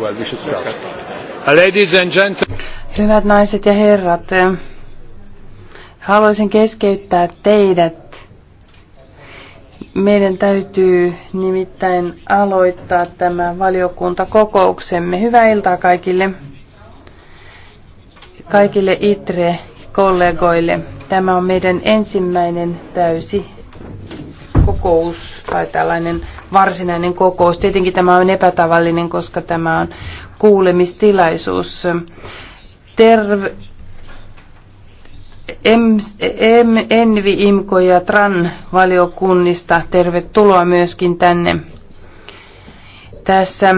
Well, we should start. Ladies and gentlemen. Hyvät naiset ja herrat, eh, haluaisin keskeyttää teidät. Meidän täytyy nimittäin aloittaa tämä valiokuntakokouksemme. Hyvää iltaa kaikille, kaikille ITRE-kollegoille. Tämä on meidän ensimmäinen täysi kokous tai tällainen varsinainen kokous. Tietenkin tämä on epätavallinen, koska tämä on kuulemistilaisuus. Terve, em, Envi, Imko ja Tran valiokunnista tervetuloa myöskin tänne. Tässä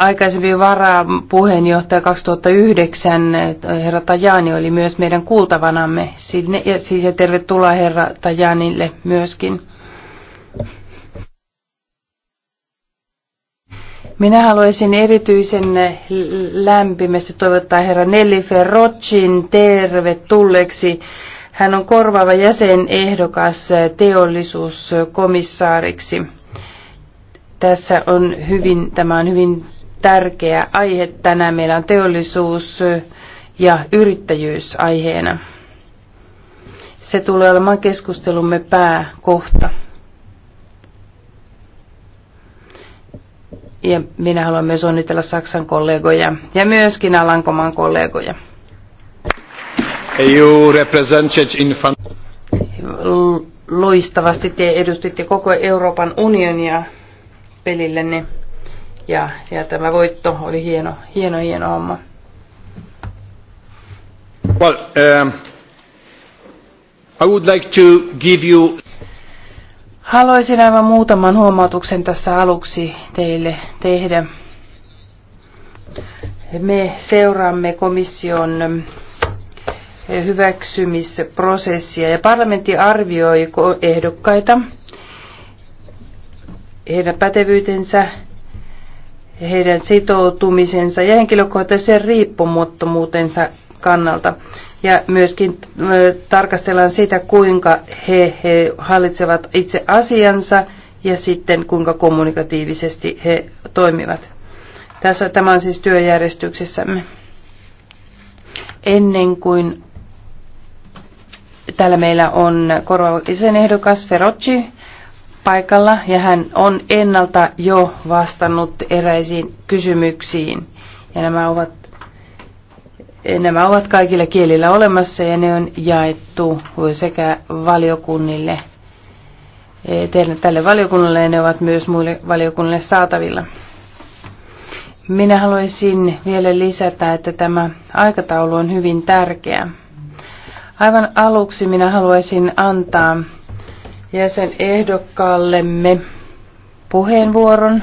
aikaisempi varapuheenjohtaja 2009, eh, herra Tajani, oli myös meidän kuultavanamme sinne, ja siis ja tervetuloa herra Tajanille myöskin. Minä haluaisin erityisen eh, lämpimästi toivottaa herra Nelly Ferrocin tervetulleeksi. Hän on korvaava jäsenehdokas eh, teollisuuskomissaariksi. Tässä on hyvin, tämä on hyvin tärkeä aihe tänään. Meillä on teollisuus ja yrittäjyys aiheena. Se tulee olemaan keskustelumme pääkohta. Ja minä haluan myös onnitella Saksan kollegoja ja myöskin Alankomaan kollegoja. EU Loistavasti te edustitte koko Euroopan unionia pelillenne. Ja, ja tämä voitto oli hieno, hieno, hieno homma. Well, um, I would like to give you... Haluaisin aivan muutaman huomautuksen tässä aluksi teille tehdä. Me seuraamme komission eh, hyväksymisprosessia ja parlamentti arvioi ehdokkaita, heidän pätevyytensä heidän sitoutumisensa ja henkilökohtaisen riippumattomuutensa kannalta. Ja myöskin tarkastellaan sitä, kuinka he, he hallitsevat itse asiansa ja sitten kuinka kommunikatiivisesti he toimivat. Tässä, tämä on siis työjärjestyksessämme. Ennen kuin täällä meillä on korvaava ehdokas Ferocci, paikalla ja hän on ennalta jo vastannut eräisiin kysymyksiin. Ja nämä ovat, nämä ovat kaikilla kielillä olemassa ja ne on jaettu sekä valiokunnille, tälle valiokunnalle ja ne ovat myös muille valiokunnille saatavilla. Minä haluaisin vielä lisätä, että tämä aikataulu on hyvin tärkeä. Aivan aluksi minä haluaisin antaa jäsenehdokkaallemme puheenvuoron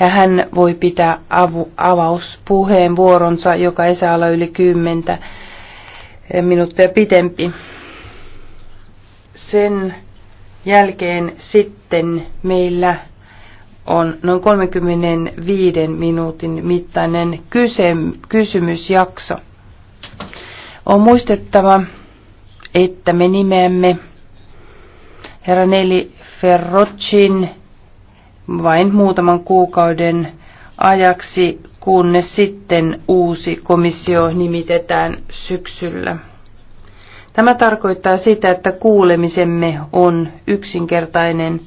ja hän voi pitää avu, avauspuheenvuoronsa, joka ei saa olla yli 10 minuuttia pitempi. Sen jälkeen sitten meillä on noin 35 minuutin mittainen kyse, kysymysjakso. On muistettava, että me nimeämme herra Neli Ferrocin vain muutaman kuukauden ajaksi, kunnes sitten uusi komissio nimitetään syksyllä. Tämä tarkoittaa sitä, että kuulemisemme on yksinkertainen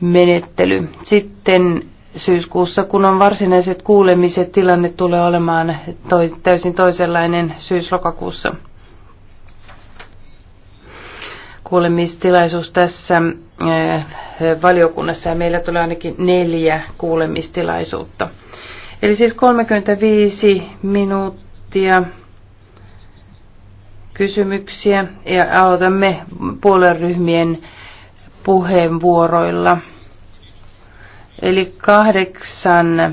menettely. Sitten syyskuussa, kun on varsinaiset kuulemiset, tilanne tulee olemaan täysin toisenlainen syyslokakuussa kuulemistilaisuus tässä eh, valiokunnassa ja meillä tulee ainakin neljä kuulemistilaisuutta. Eli siis 35 minuuttia kysymyksiä ja aloitamme puolueryhmien puheenvuoroilla. Eli kahdeksan eh,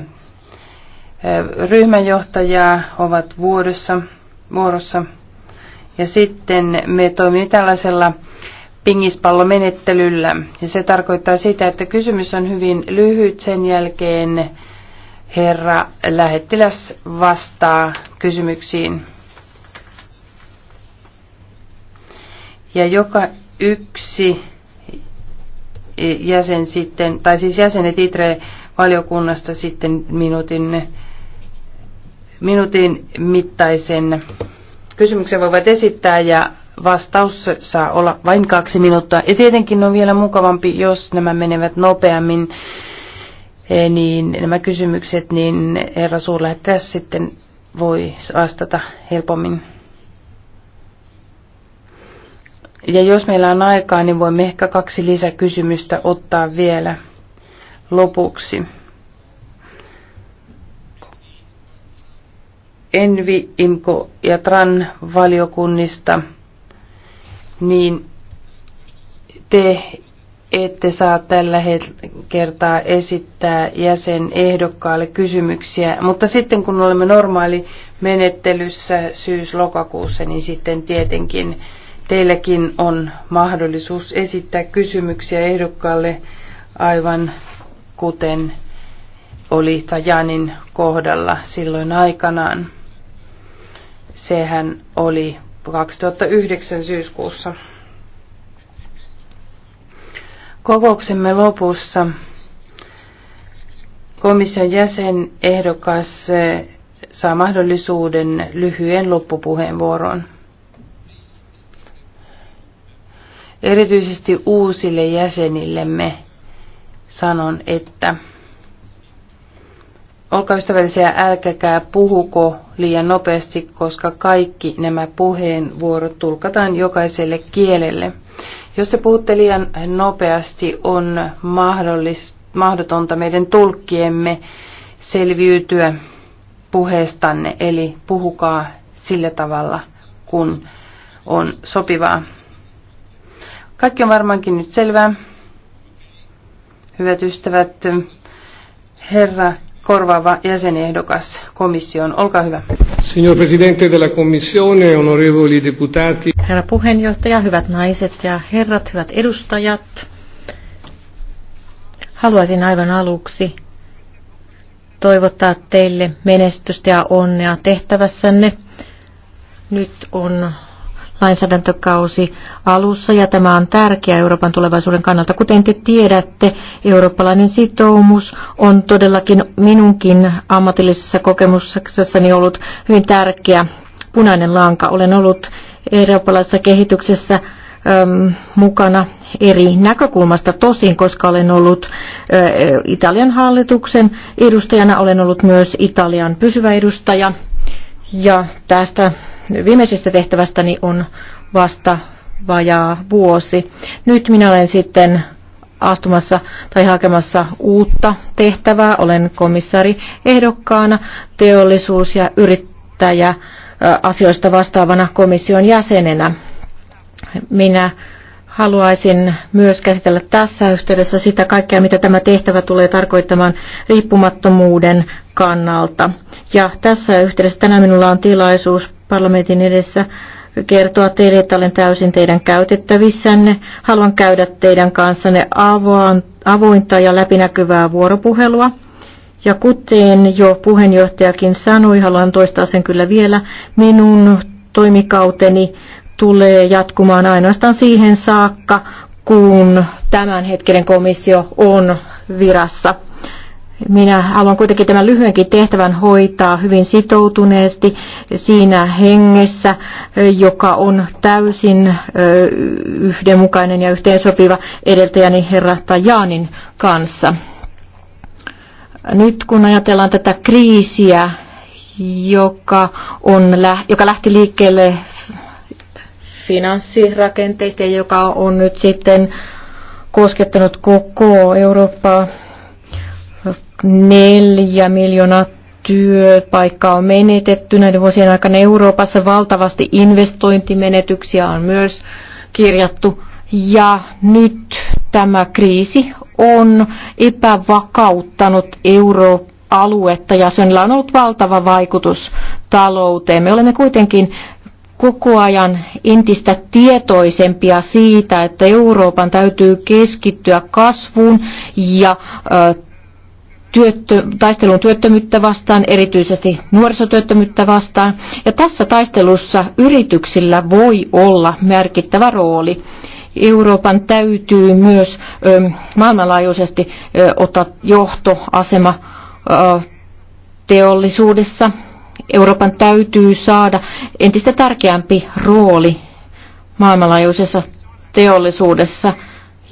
ryhmänjohtajaa ovat vuorossa, vuorossa. Ja sitten me toimimme tällaisella pingispallomenettelyllä. Ja se tarkoittaa sitä, että kysymys on hyvin lyhyt. Sen jälkeen herra lähettiläs vastaa kysymyksiin. Ja joka yksi jäsen sitten, tai siis jäsenet ITRE-valiokunnasta sitten minuutin, minuutin mittaisen kysymyksen voivat esittää ja vastaus saa olla vain kaksi minuuttia. Ja tietenkin on vielä mukavampi, jos nämä menevät nopeammin, eh, niin nämä kysymykset, niin herra suurlähettäjä sitten voi vastata helpommin. Ja jos meillä on aikaa, niin voimme ehkä kaksi lisäkysymystä ottaa vielä lopuksi. Envi, Imko ja Tran valiokunnista niin te ette saa tällä kertaa esittää jäsenehdokkaalle kysymyksiä, mutta sitten kun olemme normaali menettelyssä syys-lokakuussa, niin sitten tietenkin teilläkin on mahdollisuus esittää kysymyksiä ehdokkaalle aivan kuten oli Tajanin kohdalla silloin aikanaan. Sehän oli 2009 syyskuussa. Kokouksemme lopussa komission jäsenehdokas saa mahdollisuuden lyhyen loppupuheenvuoroon. Erityisesti uusille jäsenillemme sanon, että Olkaa ystävällisiä, älkäkää puhuko liian nopeasti, koska kaikki nämä puheenvuorot tulkataan jokaiselle kielelle. Jos te puhutte liian nopeasti, on mahdotonta meidän tulkkiemme selviytyä puheestanne, eli puhukaa sillä tavalla, kun on sopivaa. Kaikki on varmaankin nyt selvää. Hyvät ystävät, Herra korvaava jäsenehdokas komission. Olkaa hyvä. Signor Presidente della Commissione, onorevoli deputati. Herra puheenjohtaja, hyvät naiset ja herrat, hyvät edustajat. Haluaisin aivan aluksi toivottaa teille menestystä ja onnea tehtävässänne. Nyt on lainsäädäntökausi alussa ja tämä on tärkeä Euroopan tulevaisuuden kannalta. Kuten te tiedätte, eurooppalainen sitoumus on todellakin minunkin ammatillisessa kokemuksessani ollut hyvin tärkeä punainen lanka. Olen ollut eurooppalaisessa kehityksessä äm, mukana eri näkökulmasta tosin, koska olen ollut ä, äh, Italian hallituksen edustajana, olen ollut myös Italian pysyvä edustaja. Ja tästä viimeisestä tehtävästäni on vasta vajaa vuosi. Nyt minä olen sitten astumassa tai hakemassa uutta tehtävää. Olen komissaari ehdokkaana teollisuus- ja yrittäjäasioista vastaavana komission jäsenenä. Minä haluaisin myös käsitellä tässä yhteydessä sitä kaikkea, mitä tämä tehtävä tulee tarkoittamaan riippumattomuuden kannalta. Ja tässä yhteydessä tänään minulla on tilaisuus parlamentin edessä kertoa teille, että olen täysin teidän käytettävissänne. Haluan käydä teidän kanssanne avointa ja läpinäkyvää vuoropuhelua. Ja kuten jo puheenjohtajakin sanoi, haluan toistaa sen kyllä vielä, minun toimikauteni tulee jatkumaan ainoastaan siihen saakka, kun tämän komissio on virassa. Minä haluan kuitenkin tämän lyhyenkin tehtävän hoitaa hyvin sitoutuneesti siinä hengessä, joka on täysin yhdenmukainen ja yhteensopiva edeltäjäni herra Tajanin kanssa. Nyt kun ajatellaan tätä kriisiä, joka, on, joka lähti liikkeelle finanssirakenteista ja joka on nyt sitten koskettanut koko Eurooppaa neljä miljoonaa työpaikkaa on menetetty näiden vuosien aikana Euroopassa. Valtavasti investointimenetyksiä on myös kirjattu. Ja nyt tämä kriisi on epävakauttanut euroaluetta ja sillä on ollut valtava vaikutus talouteen. Me olemme kuitenkin koko ajan entistä tietoisempia siitä, että Euroopan täytyy keskittyä kasvuun ja ö, työttö, taisteluun työttömyyttä vastaan, erityisesti nuorisotyöttömyyttä vastaan. Ja tässä taistelussa yrityksillä voi olla merkittävä rooli. Euroopan täytyy myös ö, maailmanlaajuisesti ö, ottaa johtoasema ö, teollisuudessa. Euroopan täytyy saada entistä tärkeämpi rooli maailmanlaajuisessa teollisuudessa –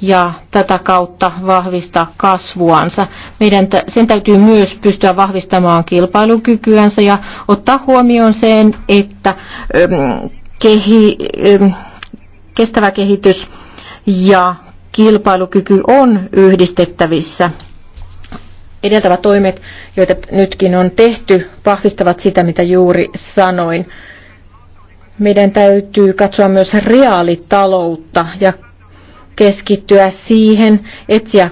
ja tätä kautta vahvistaa kasvuansa. Meidän sen täytyy myös pystyä vahvistamaan kilpailukykyänsä ja ottaa huomioon sen, että ö, kehi, ö, kestävä kehitys ja kilpailukyky on yhdistettävissä. Edeltävät toimet, joita nytkin on tehty, vahvistavat sitä, mitä juuri sanoin. Meidän täytyy katsoa myös reaalitaloutta ja keskittyä siihen, etsiä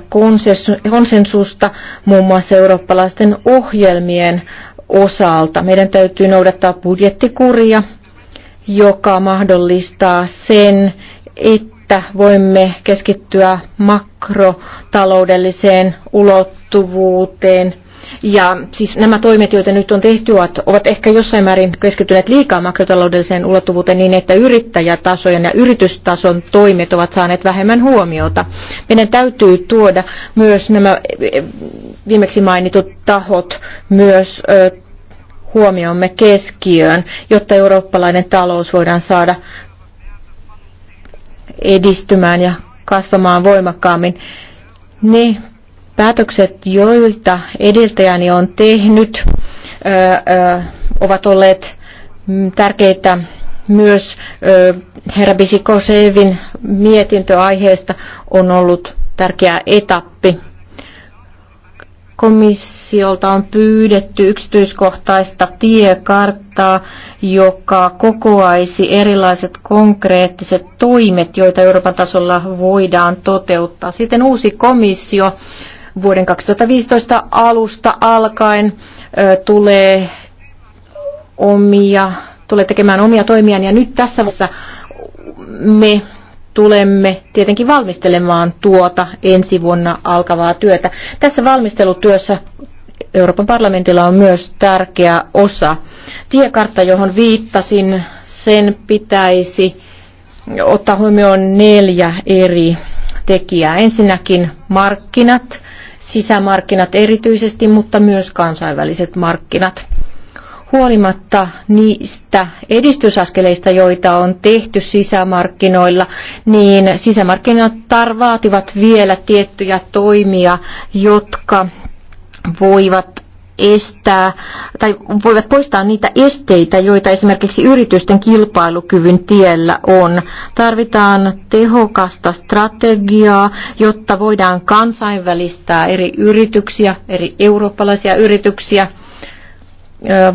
konsensusta muun muassa eurooppalaisten ohjelmien osalta. Meidän täytyy noudattaa budjettikuria, joka mahdollistaa sen, että voimme keskittyä makrotaloudelliseen ulottuvuuteen ja siis nämä toimet, joita nyt on tehty, ovat ehkä jossain määrin keskittyneet liikaa makrotaloudelliseen ulottuvuuteen niin, että yrittäjätasojen ja yritystason toimet ovat saaneet vähemmän huomiota. Meidän täytyy tuoda myös nämä e, e, viimeksi mainitut tahot myös huomiomme keskiöön, jotta eurooppalainen talous voidaan saada edistymään ja kasvamaan voimakkaammin. Ne Päätökset, joilta edeltäjäni on tehnyt, ovat olleet tärkeitä myös herra Bisikosevin mietintöaiheesta on ollut tärkeä etappi. Komissiolta on pyydetty yksityiskohtaista tiekarttaa, joka kokoaisi erilaiset konkreettiset toimet, joita Euroopan tasolla voidaan toteuttaa. Sitten uusi komissio vuoden 2015 alusta alkaen tulee omia, tulee tekemään omia toimiaan ja nyt tässä vaiheessa me tulemme tietenkin valmistelemaan tuota ensi vuonna alkavaa työtä. Tässä valmistelutyössä Euroopan parlamentilla on myös tärkeä osa. Tiekartta, johon viittasin, sen pitäisi ottaa huomioon neljä eri tekijää. Ensinnäkin markkinat, sisämarkkinat erityisesti, mutta myös kansainväliset markkinat. Huolimatta niistä edistysaskeleista, joita on tehty sisämarkkinoilla, niin sisämarkkinat vaativat vielä tiettyjä toimia, jotka voivat estää tai voivat poistaa niitä esteitä, joita esimerkiksi yritysten kilpailukyvyn tiellä on. Tarvitaan tehokasta strategiaa, jotta voidaan kansainvälistää eri yrityksiä, eri eurooppalaisia yrityksiä.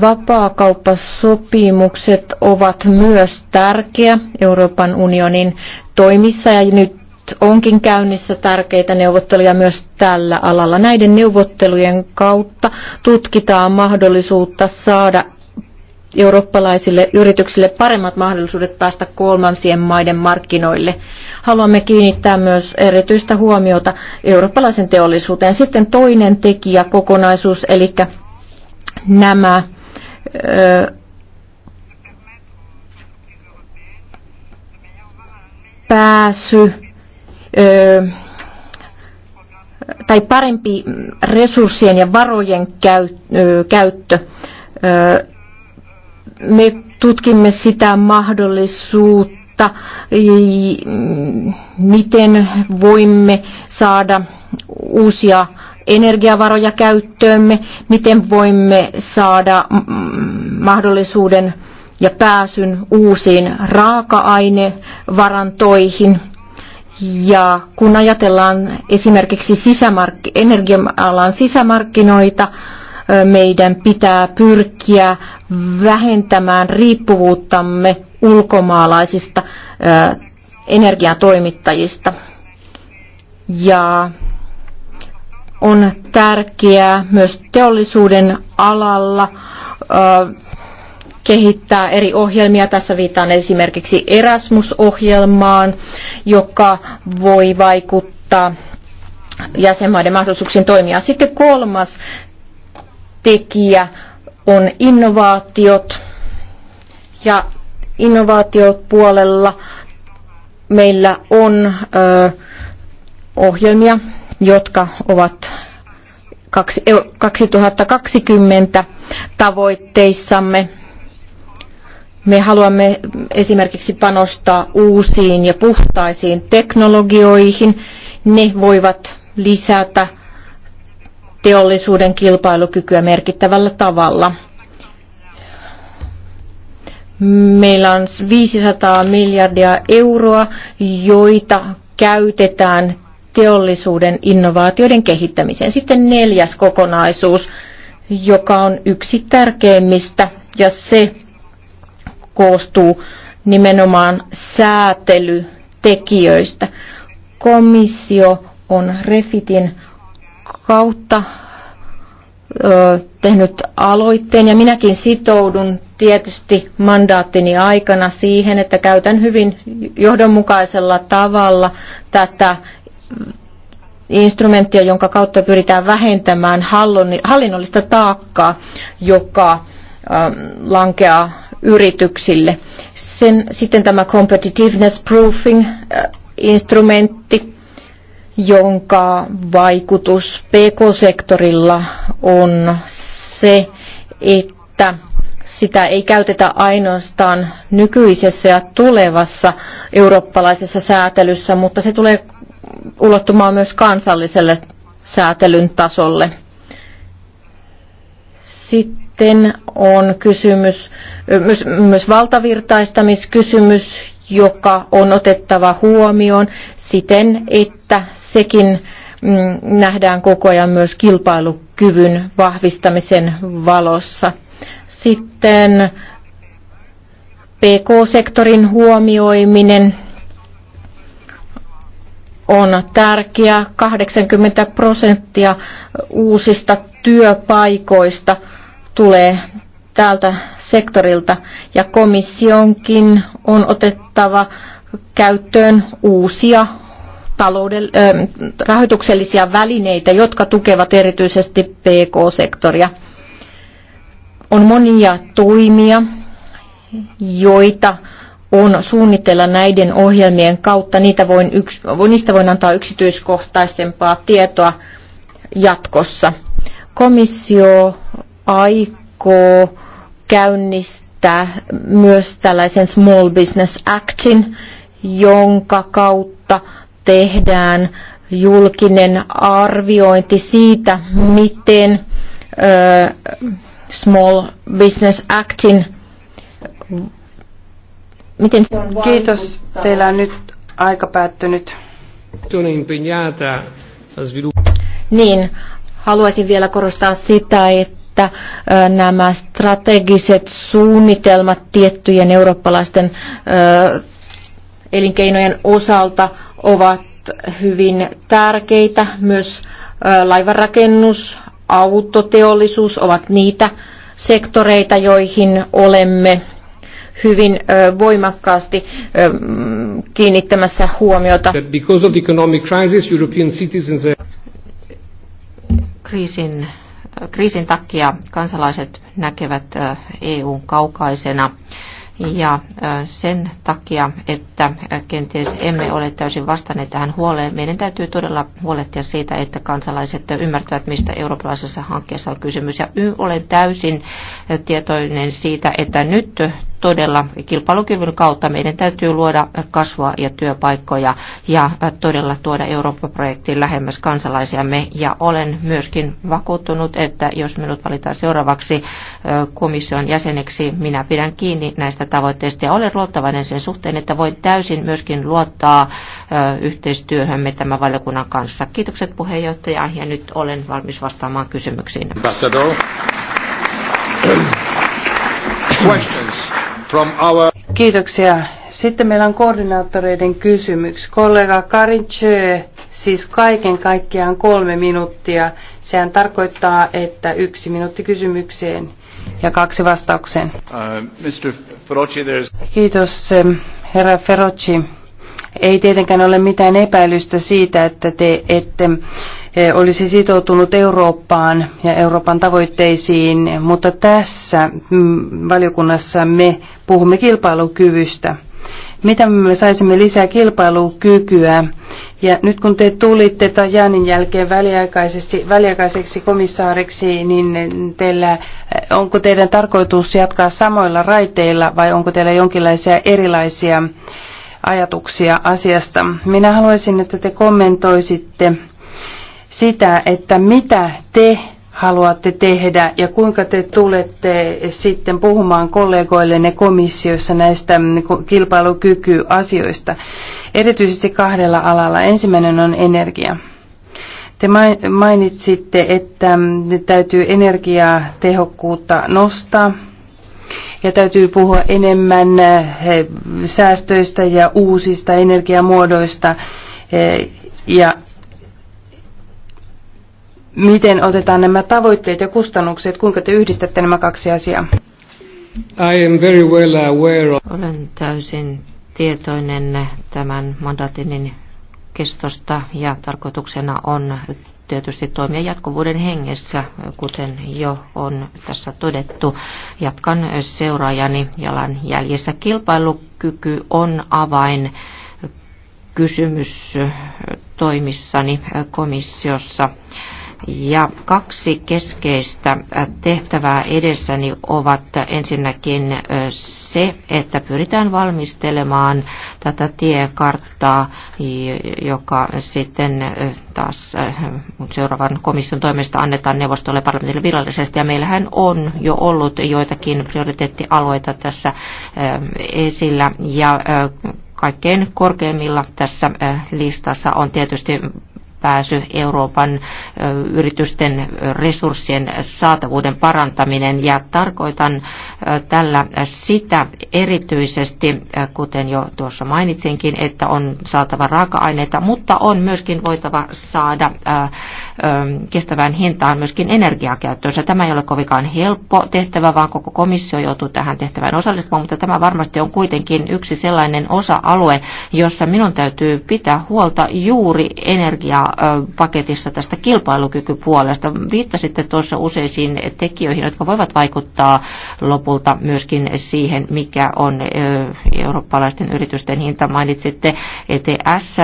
Vapaakauppasopimukset ovat myös tärkeä Euroopan unionin toimissa ja nyt onkin käynnissä tärkeitä neuvotteluja myös tällä alalla. Näiden neuvottelujen kautta tutkitaan mahdollisuutta saada eurooppalaisille yrityksille paremmat mahdollisuudet päästä kolmansien maiden markkinoille. Haluamme kiinnittää myös erityistä huomiota eurooppalaisen teollisuuteen. Sitten toinen tekijä kokonaisuus, eli nämä ö, pääsy tai parempi resurssien ja varojen käyttö. Me tutkimme sitä mahdollisuutta, miten voimme saada uusia energiavaroja käyttöömme, miten voimme saada mahdollisuuden ja pääsyn uusiin raaka-ainevarantoihin – ja kun ajatellaan esimerkiksi sisämark- energia-alan sisämarkkinoita, meidän pitää pyrkiä vähentämään riippuvuuttamme ulkomaalaisista energiatoimittajista. Ja on tärkeää myös teollisuuden alalla kehittää eri ohjelmia. Tässä viitaan esimerkiksi Erasmus-ohjelmaan, joka voi vaikuttaa jäsenmaiden mahdollisuuksiin toimia. Sitten kolmas tekijä on innovaatiot. Ja innovaatiot puolella meillä on ö, ohjelmia, jotka ovat 2020 tavoitteissamme me haluamme esimerkiksi panostaa uusiin ja puhtaisiin teknologioihin. Ne voivat lisätä teollisuuden kilpailukykyä merkittävällä tavalla. Meillä on 500 miljardia euroa, joita käytetään teollisuuden innovaatioiden kehittämiseen. Sitten neljäs kokonaisuus, joka on yksi tärkeimmistä, ja se koostuu nimenomaan säätelytekijöistä. Komissio on Refitin kautta ö, tehnyt aloitteen ja minäkin sitoudun tietysti mandaattini aikana siihen, että käytän hyvin johdonmukaisella tavalla tätä instrumenttia, jonka kautta pyritään vähentämään hallinnollista taakkaa, joka lankeaa yrityksille. Sen, sitten tämä competitiveness proofing äh, instrumentti, jonka vaikutus PK-sektorilla on se, että sitä ei käytetä ainoastaan nykyisessä ja tulevassa eurooppalaisessa säätelyssä, mutta se tulee ulottumaan myös kansalliselle säätelyn tasolle. Sitten sitten on kysymys, myös, myös valtavirtaistamiskysymys, joka on otettava huomioon siten, että sekin mm, nähdään koko ajan myös kilpailukyvyn vahvistamisen valossa. Sitten PK-sektorin huomioiminen on tärkeää. 80 prosenttia uusista työpaikoista – tulee tältä sektorilta ja komissionkin on otettava käyttöön uusia taloudel, äh, rahoituksellisia välineitä, jotka tukevat erityisesti PK-sektoria. On monia toimia, joita on suunnitella näiden ohjelmien kautta. Niitä voin yks, niistä voin antaa yksityiskohtaisempaa tietoa jatkossa. Komissio aikoo käynnistää myös tällaisen Small Business Actin, jonka kautta tehdään julkinen arviointi siitä, miten Small Business Actin Miten se on Kiitos. Teillä on nyt aika päättynyt. Niin, haluaisin vielä korostaa sitä, että että nämä strategiset suunnitelmat tiettyjen eurooppalaisten elinkeinojen osalta ovat hyvin tärkeitä. Myös laivarakennus, autoteollisuus ovat niitä sektoreita, joihin olemme hyvin voimakkaasti kiinnittämässä huomiota. Kriisin Kriisin takia kansalaiset näkevät EUn kaukaisena ja sen takia, että kenties emme ole täysin vastanneet tähän huoleen, meidän täytyy todella huolehtia siitä, että kansalaiset ymmärtävät, mistä eurooppalaisessa hankkeessa on kysymys. Ja olen täysin tietoinen siitä, että nyt todella kilpailukyvyn kautta meidän täytyy luoda kasvua ja työpaikkoja ja todella tuoda Eurooppa-projektiin lähemmäs kansalaisiamme. Ja olen myöskin vakuuttunut, että jos minut valitaan seuraavaksi komission jäseneksi, minä pidän kiinni näistä tavoitteista ja olen luottavainen sen suhteen, että voin täysin myöskin luottaa yhteistyöhömme tämän valiokunnan kanssa. Kiitokset puheenjohtaja ja nyt olen valmis vastaamaan kysymyksiin. questions from our... Kiitoksia. Sitten meillä on koordinaattoreiden kysymys. Kollega Karin Tjö, siis kaiken kaikkiaan kolme minuuttia. Sehän tarkoittaa, että yksi minuutti kysymykseen ja kaksi vastaukseen. Uh, Mr. Ferocci, Kiitos, eh, herra Ferocci. Ei tietenkään ole mitään epäilystä siitä, että te ette olisi sitoutunut Eurooppaan ja Euroopan tavoitteisiin, mutta tässä mm, valiokunnassa me puhumme kilpailukyvystä. Mitä me saisimme lisää kilpailukykyä? Ja nyt kun te tulitte Tajanin jälkeen väliaikaisesti, väliaikaiseksi komissaariksi, niin teillä, onko teidän tarkoitus jatkaa samoilla raiteilla vai onko teillä jonkinlaisia erilaisia ajatuksia asiasta? Minä haluaisin, että te kommentoisitte sitä, että mitä te haluatte tehdä ja kuinka te tulette sitten puhumaan kollegoillenne komissiossa näistä kilpailukykyasioista, erityisesti kahdella alalla. Ensimmäinen on energia. Te mainitsitte, että täytyy energiatehokkuutta nostaa ja täytyy puhua enemmän eh, säästöistä ja uusista energiamuodoista eh, ja miten otetaan nämä tavoitteet ja kustannukset, kuinka te yhdistätte nämä kaksi asiaa? I am very well aware of... Olen täysin tietoinen tämän mandatinin kestosta ja tarkoituksena on tietysti toimia jatkuvuuden hengessä, kuten jo on tässä todettu. Jatkan seuraajani jalan jäljessä. Kilpailukyky on avain kysymys toimissani komissiossa. Ja kaksi keskeistä tehtävää edessäni ovat ensinnäkin se, että pyritään valmistelemaan tätä tiekarttaa, joka sitten taas seuraavan komission toimesta annetaan neuvostolle parlamentille virallisesti. Ja meillähän on jo ollut joitakin prioriteettialueita tässä esillä. Ja kaikkein korkeimmilla tässä listassa on tietysti pääsy, Euroopan yritysten resurssien saatavuuden parantaminen. Ja tarkoitan tällä sitä erityisesti, kuten jo tuossa mainitsinkin, että on saatava raaka-aineita, mutta on myöskin voitava saada kestävään hintaan myöskin energiakäyttöönsä. Tämä ei ole kovinkaan helppo tehtävä, vaan koko komissio joutuu tähän tehtävään osallistumaan, mutta tämä varmasti on kuitenkin yksi sellainen osa-alue, jossa minun täytyy pitää huolta juuri energiaa paketissa tästä kilpailukykypuolesta. Viittasitte tuossa useisiin tekijöihin, jotka voivat vaikuttaa lopulta myöskin siihen, mikä on eurooppalaisten yritysten hinta. Mainitsitte ETS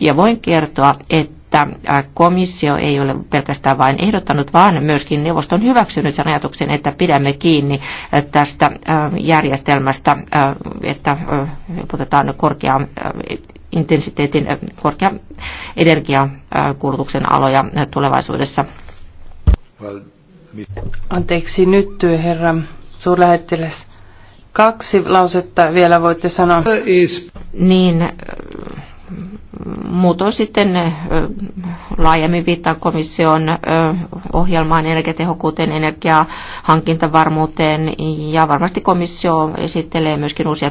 ja voin kertoa, että että komissio ei ole pelkästään vain ehdottanut, vaan myöskin neuvoston hyväksynyt sen ajatuksen, että pidämme kiinni tästä järjestelmästä, että otetaan korkeaan intensiteetin äh, korkea energiakulutuksen aloja äh, tulevaisuudessa. Anteeksi nyt, herra suurlähettiläs. Kaksi lausetta vielä voitte sanoa. Niin, Muutoin sitten laajemmin viittaan komission ohjelmaan energiatehokkuuteen, energiahankintavarmuuteen ja varmasti komissio esittelee myöskin uusia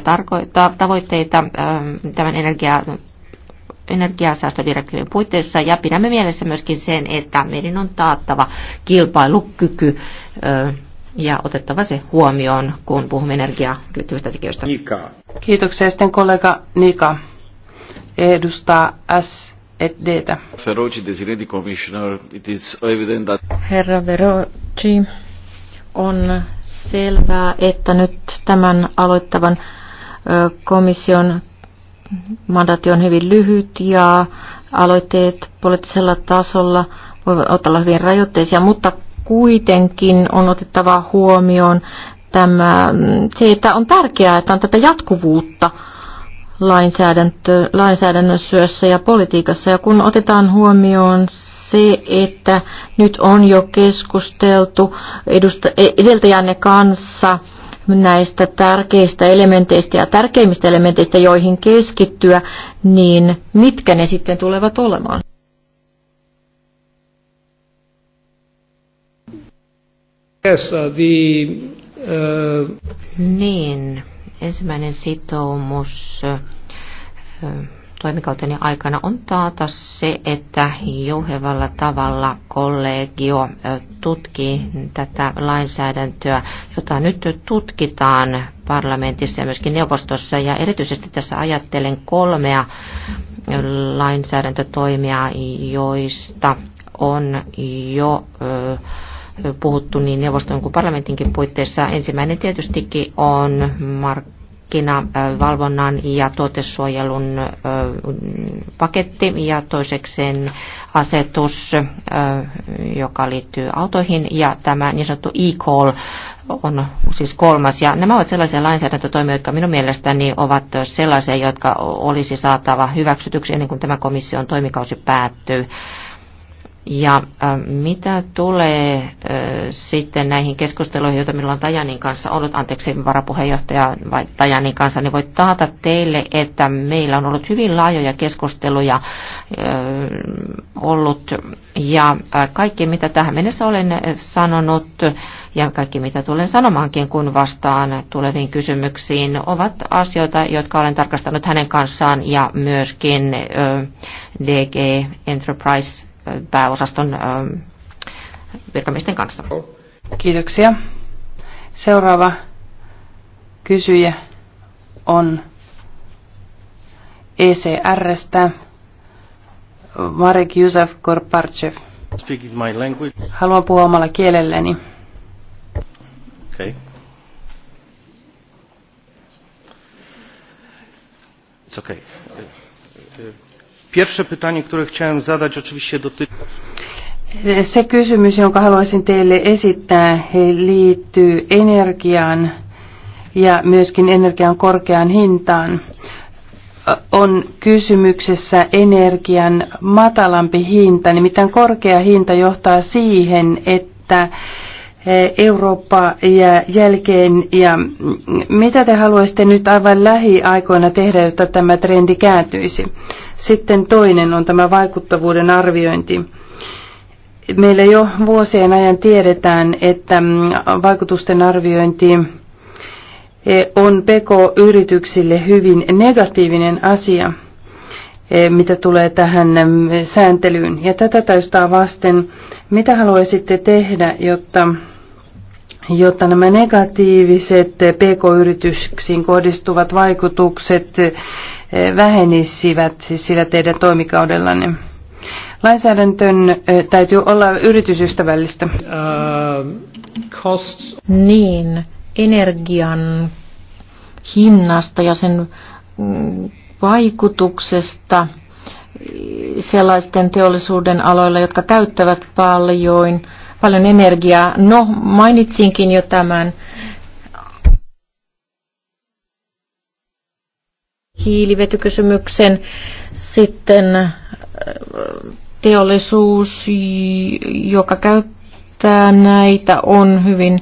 tavoitteita tämän energia energiasäästödirektiivin puitteissa ja pidämme mielessä myöskin sen, että meidän on taattava kilpailukyky ja otettava se huomioon, kun puhumme energiaa liittyvistä tekijöistä. Nika. Kiitoksia sitten kollega Nika edustaa S SDtä. Ferrucci, designated commissioner, it is evident that... Herra Ferrucci, on selvää, että nyt tämän aloittavan komission mandaatti on hyvin lyhyt ja aloitteet poliittisella tasolla voivat olla hyvin rajoitteisia, mutta kuitenkin on otettava huomioon tämä, se, että on tärkeää, että on tätä jatkuvuutta lainsäädäntö, lainsäädännössä ja politiikassa. Ja kun otetaan huomioon se, että nyt on jo keskusteltu edusta, e-, edeltäjänne kanssa näistä tärkeistä elementeistä ja tärkeimmistä elementeistä, joihin keskittyä, niin mitkä ne sitten tulevat olemaan? Yes, uh, the, uh... Niin. Ensimmäinen sitoumus toimikauteni aikana on taata se, että johevalla tavalla kollegio tutkii tätä lainsäädäntöä, jota nyt tutkitaan parlamentissa ja myöskin neuvostossa. Ja erityisesti tässä ajattelen kolmea lainsäädäntötoimia, joista on jo puhuttu niin neuvoston kuin parlamentinkin puitteissa. Ensimmäinen tietystikin on markkinavalvonnan ja tuotesuojelun paketti ja toisekseen asetus, joka liittyy autoihin ja tämä niin sanottu e-call on siis kolmas. Ja nämä ovat sellaisia lainsäädäntötoimia, jotka minun mielestäni ovat sellaisia, jotka olisi saatava hyväksytyksi ennen kuin tämä komission toimikausi päättyy. Ja äh, mitä tulee äh, sitten näihin keskusteluihin, joita minulla on Tajanin kanssa ollut, anteeksi varapuheenjohtaja vai Tajanin kanssa, niin voit taata teille, että meillä on ollut hyvin laajoja keskusteluja äh, ollut ja kaikki mitä tähän mennessä olen sanonut ja kaikki mitä tulen sanomaankin, kun vastaan tuleviin kysymyksiin, ovat asioita, jotka olen tarkastanut hänen kanssaan ja myöskin DG Enterprise pääosaston virkamiesten kanssa. Kiitoksia. Seuraava kysyjä on ECRstä Marek Yusef Korparchev. Haluan puhua omalla kielelläni. Okay. It's okay. Pierwsze pytanie, które chciałem zadać, oczywiście dotyczy... Se kysymys, jonka haluaisin teille esittää, liittyy energiaan ja myöskin energian korkeaan hintaan. On kysymyksessä energian matalampi hinta, nimittäin korkea hinta johtaa siihen, että e, Eurooppa ja jälkeen. Ja mm, mitä te haluaisitte nyt aivan lähiaikoina tehdä, jotta tämä trendi kääntyisi? Sitten toinen on tämä vaikuttavuuden arviointi. Meillä jo vuosien ajan tiedetään, että mm, vaikutusten arviointi e, on PK-yrityksille hyvin negatiivinen asia, e, mitä tulee tähän mm, sääntelyyn. Ja tätä taistaa vasten, mitä haluaisitte tehdä, jotta, jotta nämä negatiiviset e, PK-yrityksiin kohdistuvat vaikutukset vähenisivät siis sillä teidän toimikaudellanne? Lainsäädäntön täytyy olla yritysystävällistä. Uh, costs. Niin, energian hinnasta ja sen mm, vaikutuksesta sellaisten teollisuuden aloilla, jotka käyttävät paljon, paljon energiaa. No, mainitsinkin jo tämän hiilivetykysymyksen, sitten äh, teollisuus, joka käyttää näitä, on hyvin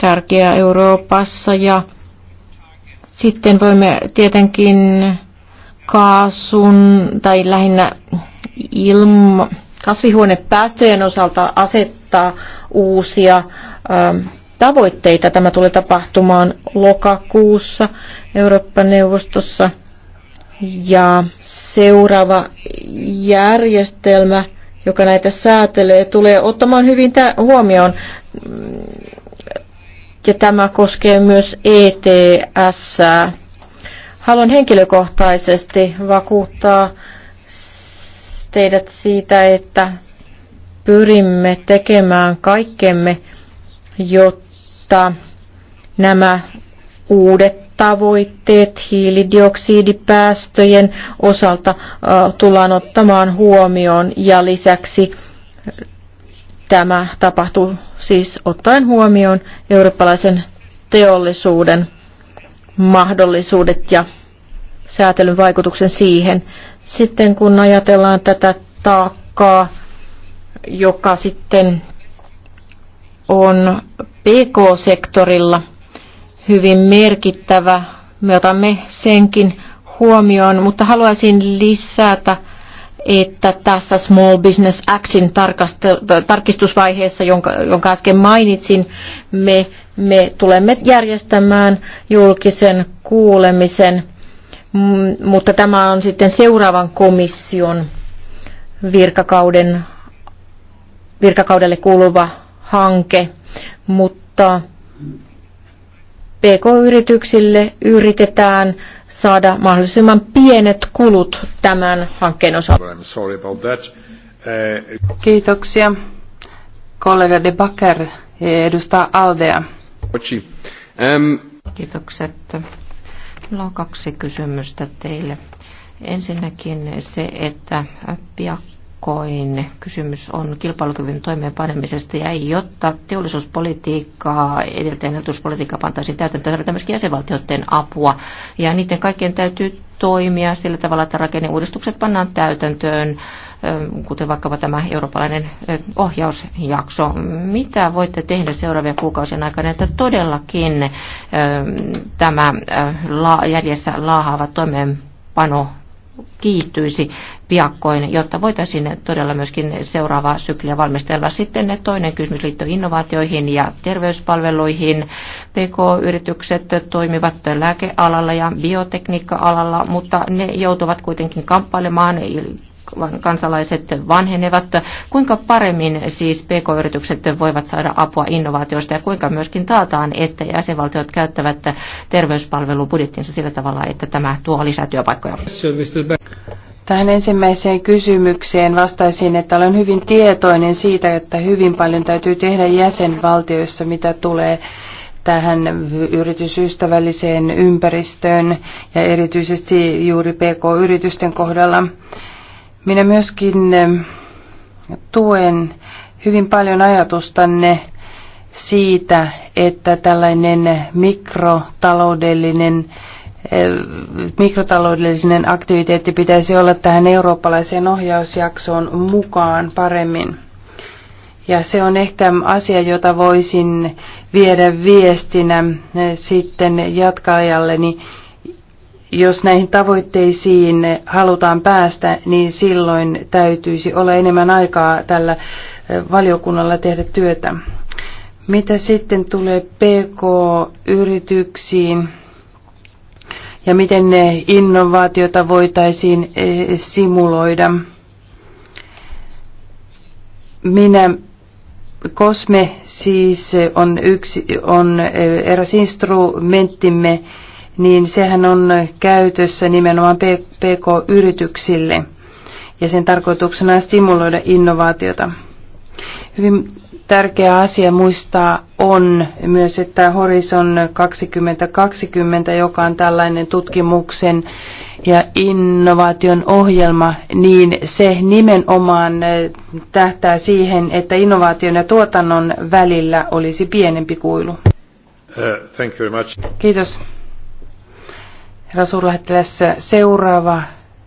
tärkeä Euroopassa ja sitten voimme tietenkin kaasun tai lähinnä ilma, kasvihuonepäästöjen osalta asettaa uusia ähm, tavoitteita. Tämä tulee tapahtumaan lokakuussa Eurooppa-neuvostossa. Ja seuraava järjestelmä, joka näitä säätelee, tulee ottamaan hyvin huomioon. Ja tämä koskee myös ETS. Haluan henkilökohtaisesti vakuuttaa teidät siitä, että pyrimme tekemään kaikkemme, jotta ottaa nämä uudet tavoitteet hiilidioksidipäästöjen osalta tullaan ottamaan huomioon ja lisäksi tämä tapahtuu siis ottaen huomioon eurooppalaisen teollisuuden mahdollisuudet ja säätelyn vaikutuksen siihen. Sitten kun ajatellaan tätä taakkaa, joka sitten on PK-sektorilla hyvin merkittävä. Me otamme senkin huomioon, mutta haluaisin lisätä, että tässä Small Business Actin tarkistusvaiheessa, jonka, jonka äsken mainitsin, me, me tulemme järjestämään julkisen kuulemisen, mm, mutta tämä on sitten seuraavan komission virkakauden, virkakaudelle kuuluva hanke, mutta PK-yrityksille yritetään saada mahdollisimman pienet kulut tämän hankkeen osalta. Eh, Kiitoksia. Kollega De Bakker, edustaa Aldea. Kiitokset. Minulla on kaksi kysymystä teille. Ensinnäkin se, että piakkoon paikoin kysymys on kilpailukyvyn toimeenpanemisesta ja jotta teollisuuspolitiikkaa, edeltäjän edellytyspolitiikkaa pantaisiin täytäntöön, tarvitaan myöskin jäsenvaltioiden apua ja niiden kaikkien täytyy toimia sillä tavalla, että rakenneuudistukset pannaan täytäntöön, ähm, kuten vaikkapa tämä eurooppalainen äh, ohjausjakso. Mitä voitte tehdä seuraavien kuukausien aikana, että todellakin ähm, tämä äh, järjessä laahaava toimeenpano kiihtyisi piakkoin, jotta voitaisiin todella myöskin seuraavaa sykliä valmistella. Sitten ne toinen kysymys liittyy innovaatioihin ja terveyspalveluihin. PK-yritykset toimivat lääkealalla ja biotekniikka-alalla, mutta ne joutuvat kuitenkin kamppailemaan kansalaiset vanhenevat, kuinka paremmin siis pk-yritykset voivat saada apua innovaatioista ja kuinka myöskin taataan, että jäsenvaltiot käyttävät terveyspalvelubudjettinsa sillä tavalla, että tämä tuo lisää työpaikkoja. Tähän ensimmäiseen kysymykseen vastaisin, että olen hyvin tietoinen siitä, että hyvin paljon täytyy tehdä jäsenvaltioissa, mitä tulee tähän yritysystävälliseen ympäristöön ja erityisesti juuri PK-yritysten kohdalla. Minä myöskin eh, tuen hyvin paljon ajatustanne siitä, että tällainen mikrotaloudellinen eh, mikrotaloudellinen aktiviteetti pitäisi olla tähän eurooppalaiseen ohjausjaksoon mukaan paremmin. Ja se on ehkä asia, jota voisin viedä viestinä eh, sitten jatkajalleni. Niin jos näihin tavoitteisiin halutaan päästä, niin silloin täytyisi olla enemmän aikaa tällä eh, valiokunnalla tehdä työtä. Mitä sitten tulee PK-yrityksiin ja miten ne innovaatiota voitaisiin eh, simuloida? Minä Kosme siis on, yksi, on eh, eräs instrumenttimme, niin sehän on käytössä nimenomaan PK-yrityksille ja sen tarkoituksena on stimuloida innovaatiota. Hyvin tärkeä asia muistaa on myös, että Horizon 2020, joka on tällainen tutkimuksen ja innovaation ohjelma, niin se nimenomaan eh, tähtää siihen, että innovaation ja tuotannon välillä olisi pienempi kuilu. Uh, thank you very much. Kiitos. Herra suurlähettiläs, seuraava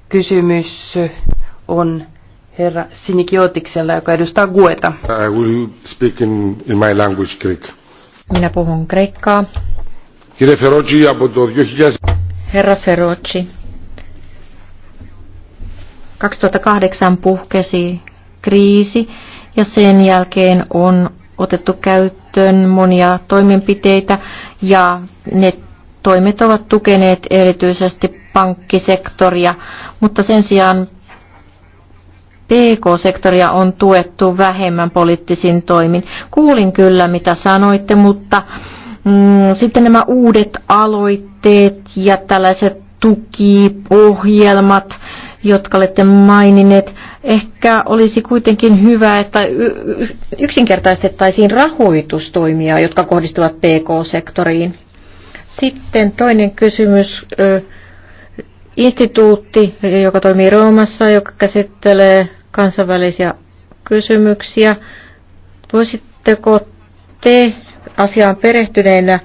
kysymys on herra Sinikiotiksella, joka edustaa Gueta. I will speak in, in my language, Greek. Minä puhun kreikkaa. Herra Ferocci, 2008 puhkesi kriisi ja sen jälkeen on otettu käyttöön monia toimenpiteitä ja net toimet ovat tukeneet erityisesti pankkisektoria, mutta sen sijaan PK-sektoria on tuettu vähemmän poliittisin toimin. Kuulin kyllä, mitä sanoitte, mutta mm, sitten nämä uudet aloitteet ja tällaiset tukiohjelmat, jotka olette maininneet, ehkä olisi kuitenkin hyvä, että yksinkertaistettaisiin rahoitustoimia, jotka kohdistuvat PK-sektoriin. Sitten toinen kysymys. Instituutti, joka toimii Roomassa, joka käsittelee kansainvälisiä kysymyksiä. Voisitteko te asiaan perehtyneenä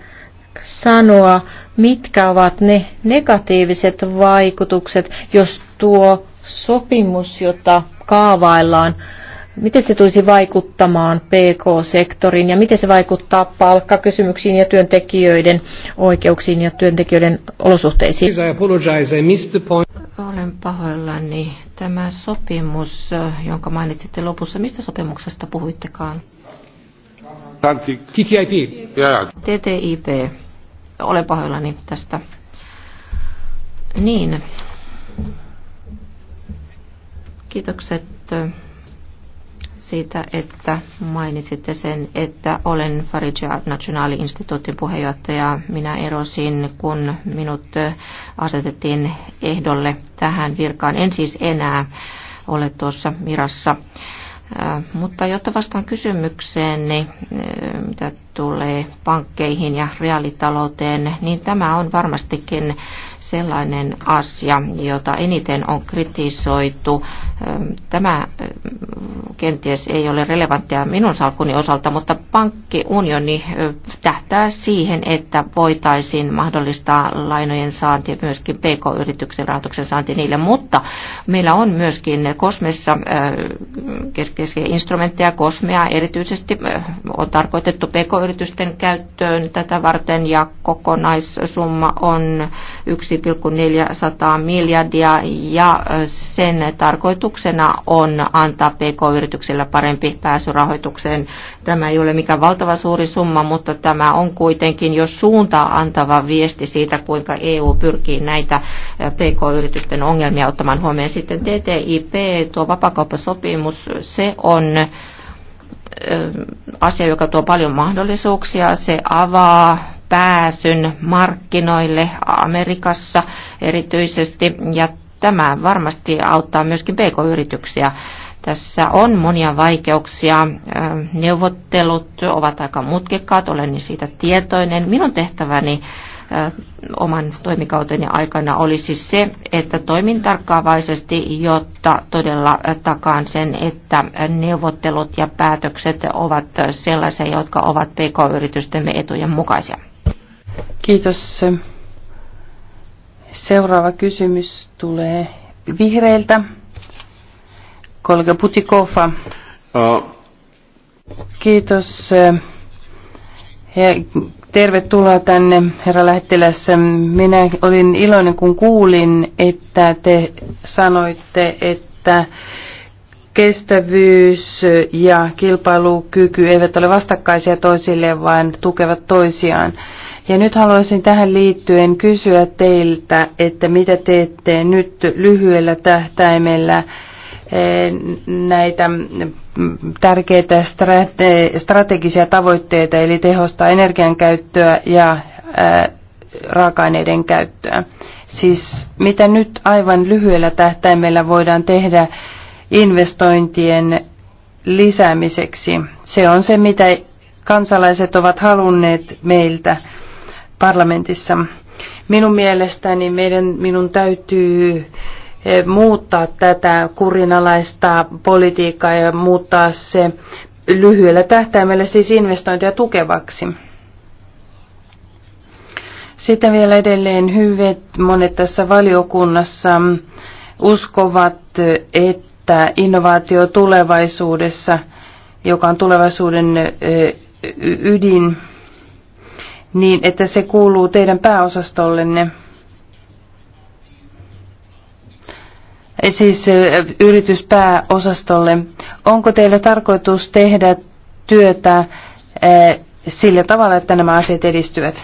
sanoa, mitkä ovat ne negatiiviset vaikutukset, jos tuo sopimus, jota kaavaillaan, miten se tulisi vaikuttamaan PK-sektoriin ja miten se vaikuttaa palkkakysymyksiin ja työntekijöiden oikeuksiin ja työntekijöiden olosuhteisiin? Olen pahoillani. Tämä sopimus, jonka mainitsitte lopussa, mistä sopimuksesta puhuittekaan? TTIP. TTIP. Olen pahoillani tästä. Niin. Kiitokset siitä, että mainitsitte sen, että olen Farage Nationaali-instituutin puheenjohtaja. Minä erosin, kun minut asetettiin ehdolle tähän virkaan. En siis enää ole tuossa virassa. Äh, mutta jotta vastaan kysymykseen, niin äh, mitä tulee pankkeihin ja reaalitalouteen, niin tämä on varmastikin sellainen asia, jota eniten on kritisoitu. Tämä kenties ei ole relevanttia minun salkuni osalta, mutta pankkiunioni tähtää siihen, että voitaisiin mahdollistaa lainojen saanti myöskin PK-yrityksen rahoituksen saanti niille, mutta meillä on myöskin Kosmessa keskeisiä instrumentteja, Kosmea erityisesti on tarkoitettu PK-yritysten käyttöön tätä varten ja kokonaissumma on yksi 1,400 miljardia ja sen tarkoituksena on antaa pk yrityksille parempi pääsy rahoitukseen. Tämä ei ole mikään valtava suuri summa, mutta tämä on kuitenkin jo suuntaa antava viesti siitä, kuinka EU pyrkii näitä PK-yritysten ongelmia ottamaan huomioon. Sitten TTIP, tuo vapakauppasopimus, se on asia, joka tuo paljon mahdollisuuksia. Se avaa pääsyn markkinoille Amerikassa erityisesti ja tämä varmasti auttaa myöskin pk-yrityksiä. Tässä on monia vaikeuksia. Neuvottelut ovat aika mutkikkaat, olen siitä tietoinen. Minun tehtäväni oman toimikauteni aikana olisi siis se, että toimin tarkkaavaisesti, jotta todella takaan sen, että neuvottelut ja päätökset ovat sellaisia, jotka ovat pk-yritystemme etujen mukaisia. Kiitos. Seuraava kysymys tulee vihreiltä. Kollega Putikova. Uh. Kiitos. Ja tervetuloa tänne, herra lähettiläs. Minä olin iloinen, kun kuulin, että te sanoitte, että kestävyys ja kilpailukyky eivät ole vastakkaisia toisilleen, vaan tukevat toisiaan. Ja nyt haluaisin tähän liittyen kysyä teiltä, että mitä teette nyt lyhyellä tähtäimellä eh, näitä tärkeitä strategisia tavoitteita, eli tehostaa energian käyttöä ja eh, raaka-aineiden käyttöä. Siis mitä nyt aivan lyhyellä tähtäimellä voidaan tehdä investointien lisäämiseksi. Se on se, mitä kansalaiset ovat halunneet meiltä parlamentissa. Minun mielestäni meidän, minun täytyy eh, muuttaa tätä kurinalaista politiikkaa ja muuttaa se lyhyellä tähtäimellä siis investointia tukevaksi. Sitten vielä edelleen hyvät monet tässä valiokunnassa uskovat, että innovaatio tulevaisuudessa, joka on tulevaisuuden eh, ydin, niin että se kuuluu teidän pääosastollenne. Siis yrityspääosastolle. Onko teillä tarkoitus tehdä työtä sillä tavalla, että nämä asiat edistyvät?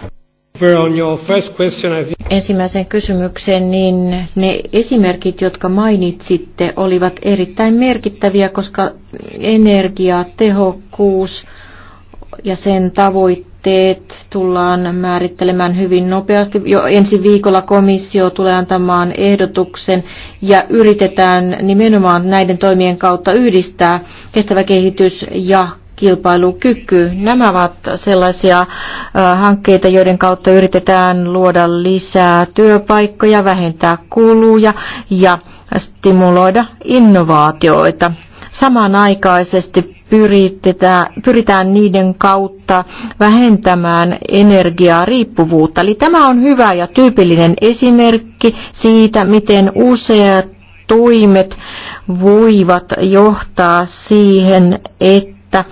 Ensimmäiseen kysymykseen, niin ne esimerkit, jotka mainitsitte, olivat erittäin merkittäviä, koska energiatehokkuus ja sen tavoitteet tavoitteet tullaan määrittelemään hyvin nopeasti. Jo ensi viikolla komissio tulee antamaan ehdotuksen ja yritetään nimenomaan näiden toimien kautta yhdistää kestävä kehitys ja kilpailukyky. Nämä ovat sellaisia äh, hankkeita, joiden kautta yritetään luoda lisää työpaikkoja, vähentää kuluja ja stimuloida innovaatioita. Samanaikaisesti pyritään niiden kautta vähentämään energiaa riippuvuutta. Eli tämä on hyvä ja tyypillinen esimerkki siitä, miten useat toimet voivat johtaa siihen, että,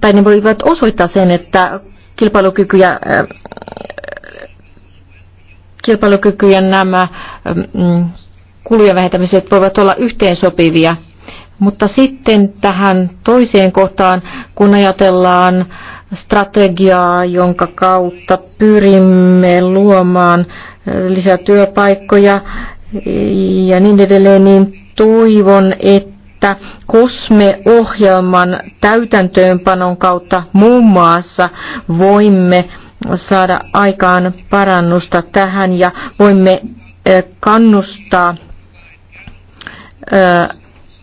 tai ne voivat osoittaa sen, että kilpailukyky ja, äh, kilpailukyky ja nämä mm, kulujen vähentämiset voivat olla yhteensopivia mutta sitten tähän toiseen kohtaan, kun ajatellaan strategiaa, jonka kautta pyrimme luomaan eh, lisää työpaikkoja eh, ja niin edelleen, niin toivon, että kosme ohjelman täytäntöönpanon kautta muun muassa voimme saada aikaan parannusta tähän ja voimme eh, kannustaa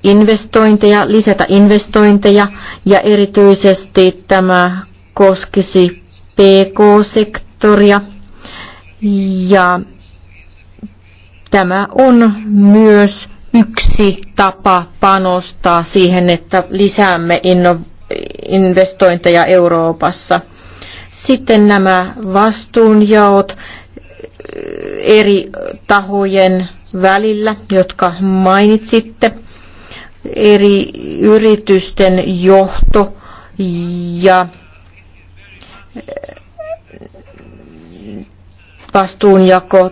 investointeja, lisätä investointeja ja erityisesti tämä koskisi PK-sektoria ja tämä on myös yksi tapa panostaa siihen, että lisäämme investointeja Euroopassa. Sitten nämä vastuunjaot eri tahojen välillä, jotka mainitsitte eri yritysten johto ja vastuunjako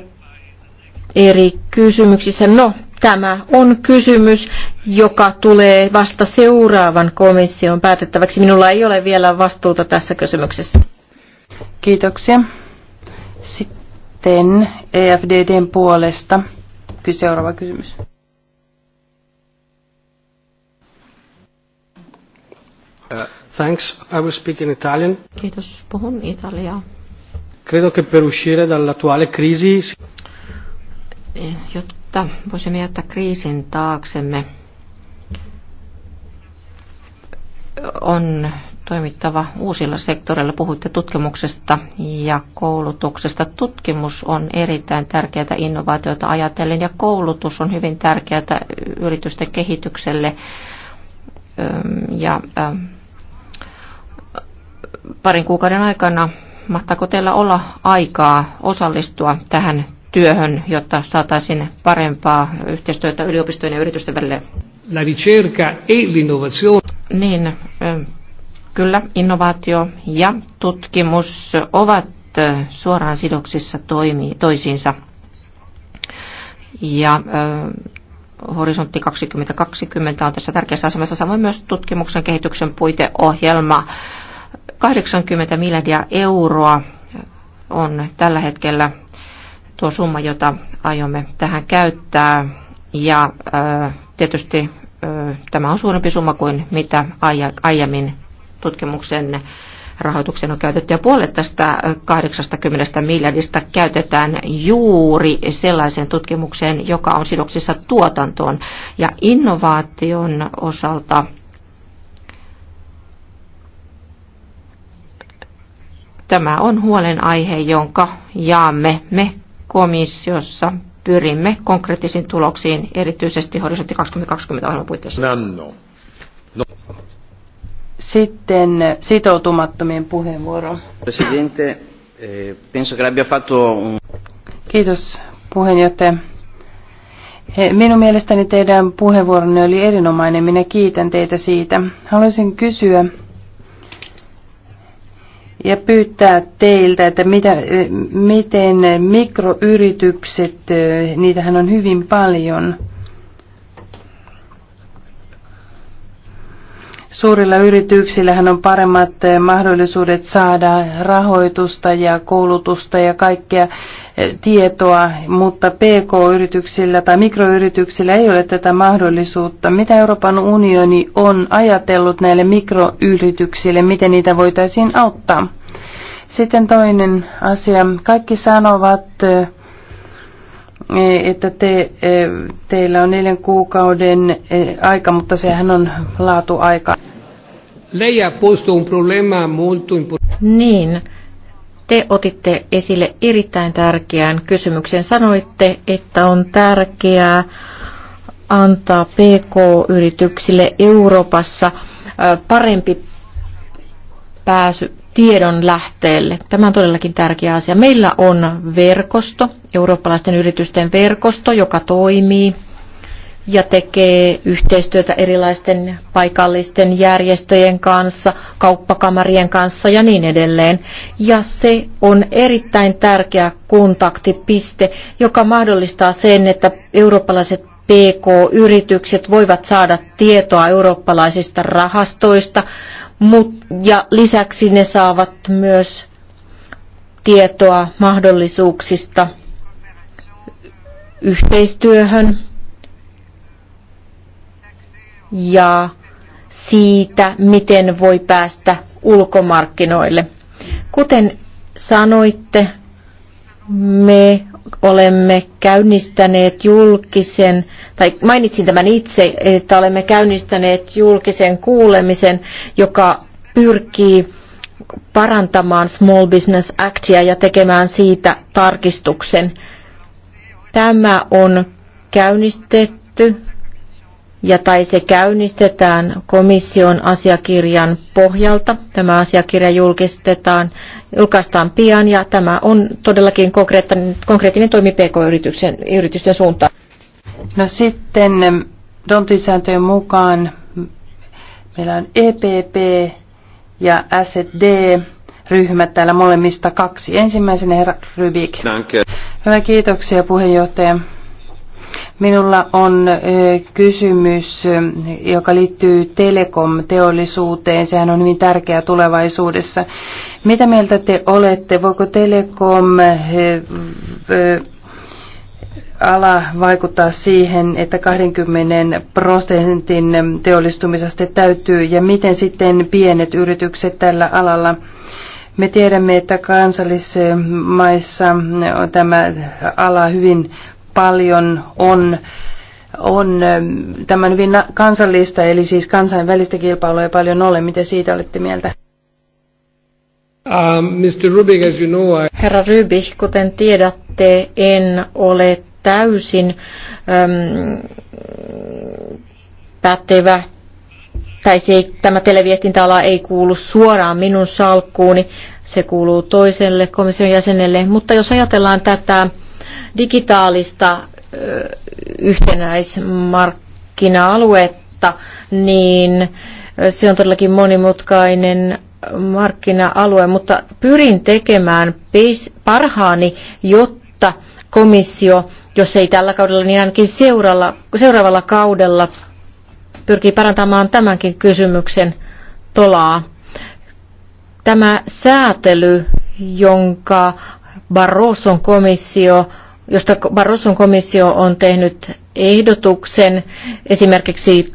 eri kysymyksissä. No, tämä on kysymys, joka tulee vasta seuraavan komission päätettäväksi. Minulla ei ole vielä vastuuta tässä kysymyksessä. Kiitoksia. Sitten EFDDn puolesta seuraava kysymys. Uh, thanks. I will speak in Italian. Kiitos. Puhun italiaa. Credo che per uscire dall'attuale crisi... Jotta voisimme jättää kriisin taaksemme, on toimittava uusilla sektoreilla. Puhuitte tutkimuksesta ja koulutuksesta. Tutkimus on erittäin tärkeää innovaatioita ajatellen ja koulutus on hyvin tärkeää yritysten kehitykselle ja parin kuukauden aikana, mahtaako teillä olla aikaa osallistua tähän työhön, jotta saataisiin parempaa yhteistyötä yliopistojen ja yritysten välille? La ricerca e l'innovazione. Niin, kyllä, innovaatio ja tutkimus ovat suoraan sidoksissa toimii, toisiinsa. Ja Horisontti 2020 on tässä tärkeässä asemassa, samoin myös tutkimuksen kehityksen puiteohjelma 80 miljardia euroa on tällä hetkellä tuo summa, jota aiomme tähän käyttää. Ja tietysti tämä on suurempi summa kuin mitä aiemmin tutkimuksen rahoituksen on käytetty. Ja puolet tästä 80 miljardista käytetään juuri sellaiseen tutkimukseen, joka on sidoksissa tuotantoon. Ja innovaation osalta Tämä on huolenaihe, jonka jaamme me komissiossa. Pyrimme konkreettisiin tuloksiin, erityisesti Horisontti 2020 ohjelman puitteissa. No. No. Sitten sitoutumattomien puheenvuoro. Presidente, eh, penso che l'abbia fatto un... Kiitos puheenjohtaja. Eh, minun mielestäni teidän puheenvuoronne oli erinomainen. Minä kiitän teitä siitä. Haluaisin kysyä, ja pyytää teiltä, että mitä, miten mikroyritykset, niitähän on hyvin paljon, Suurilla yrityksillähän on paremmat mahdollisuudet saada rahoitusta ja koulutusta ja kaikkea tietoa, mutta PK-yrityksillä tai mikroyrityksillä ei ole tätä mahdollisuutta. Mitä Euroopan unioni on ajatellut näille mikroyrityksille, miten niitä voitaisiin auttaa? Sitten toinen asia. Kaikki sanovat, että te, teillä on neljän kuukauden aika, mutta sehän on laatuaika. Leija puistuu un problema molto importante. Niin, te otitte esille erittäin tärkeän kysymyksen. Sanoitte, että on tärkeää antaa PK-yrityksille Euroopassa parempi pääsy tiedon lähteelle. Tämä on todellakin tärkeä asia. Meillä on verkosto, eurooppalaisten yritysten verkosto, joka toimii ja tekee yhteistyötä erilaisten paikallisten järjestöjen kanssa, kauppakamarien kanssa ja niin edelleen. Ja se on erittäin tärkeä kontaktipiste, joka mahdollistaa sen, että eurooppalaiset PK-yritykset voivat saada tietoa eurooppalaisista rahastoista, mut, ja lisäksi ne saavat myös tietoa mahdollisuuksista yhteistyöhön ja siitä, miten voi päästä ulkomarkkinoille. Kuten sanoitte, me olemme käynnistäneet julkisen, tai mainitsin tämän itse, että olemme käynnistäneet julkisen kuulemisen, joka pyrkii parantamaan Small Business Actia ja tekemään siitä tarkistuksen. Tämä on käynnistetty ja tai se käynnistetään komission asiakirjan pohjalta. Tämä asiakirja julkistetaan, julkaistaan pian ja tämä on todellakin konkreettinen, konkreettinen toimi PK-yritysten suuntaan. No sitten Dontin sääntöjen mukaan meillä on EPP ja SD ryhmät täällä molemmista kaksi. Ensimmäisenä herra Rybik. Hyvä, kiitoksia puheenjohtaja. Minulla on kysymys, joka liittyy telekom-teollisuuteen. Sehän on hyvin tärkeää tulevaisuudessa. Mitä mieltä te olette? Voiko telekom ala vaikuttaa siihen, että 20 prosentin teollistumisaste täytyy ja miten sitten pienet yritykset tällä alalla me tiedämme, että kansallismaissa tämä ala hyvin paljon on, on ähm, tämän hyvin kansallista, eli siis kansainvälistä kilpailua ei paljon ole. Mitä siitä olette mieltä? Uh, ähm, Mr. Rubik, as you know, I... Herra Rubik, kuten tiedätte, en ole täysin um, pätevä tai se tämä televiestintäala ei kuulu suoraan minun salkkuuni, se kuuluu toiselle komission jäsenelle. Mutta jos ajatellaan tätä digitaalista yhtenäismarkkina-aluetta, niin se on todellakin monimutkainen markkina-alue, mutta pyrin tekemään parhaani, jotta komissio, jos ei tällä kaudella, niin ainakin seuraavalla seuraavalla kaudella pyrkii parantamaan tämänkin kysymyksen tolaa. Tämä säätely, jonka Barroson komissio josta Barroson komissio on tehnyt ehdotuksen esimerkiksi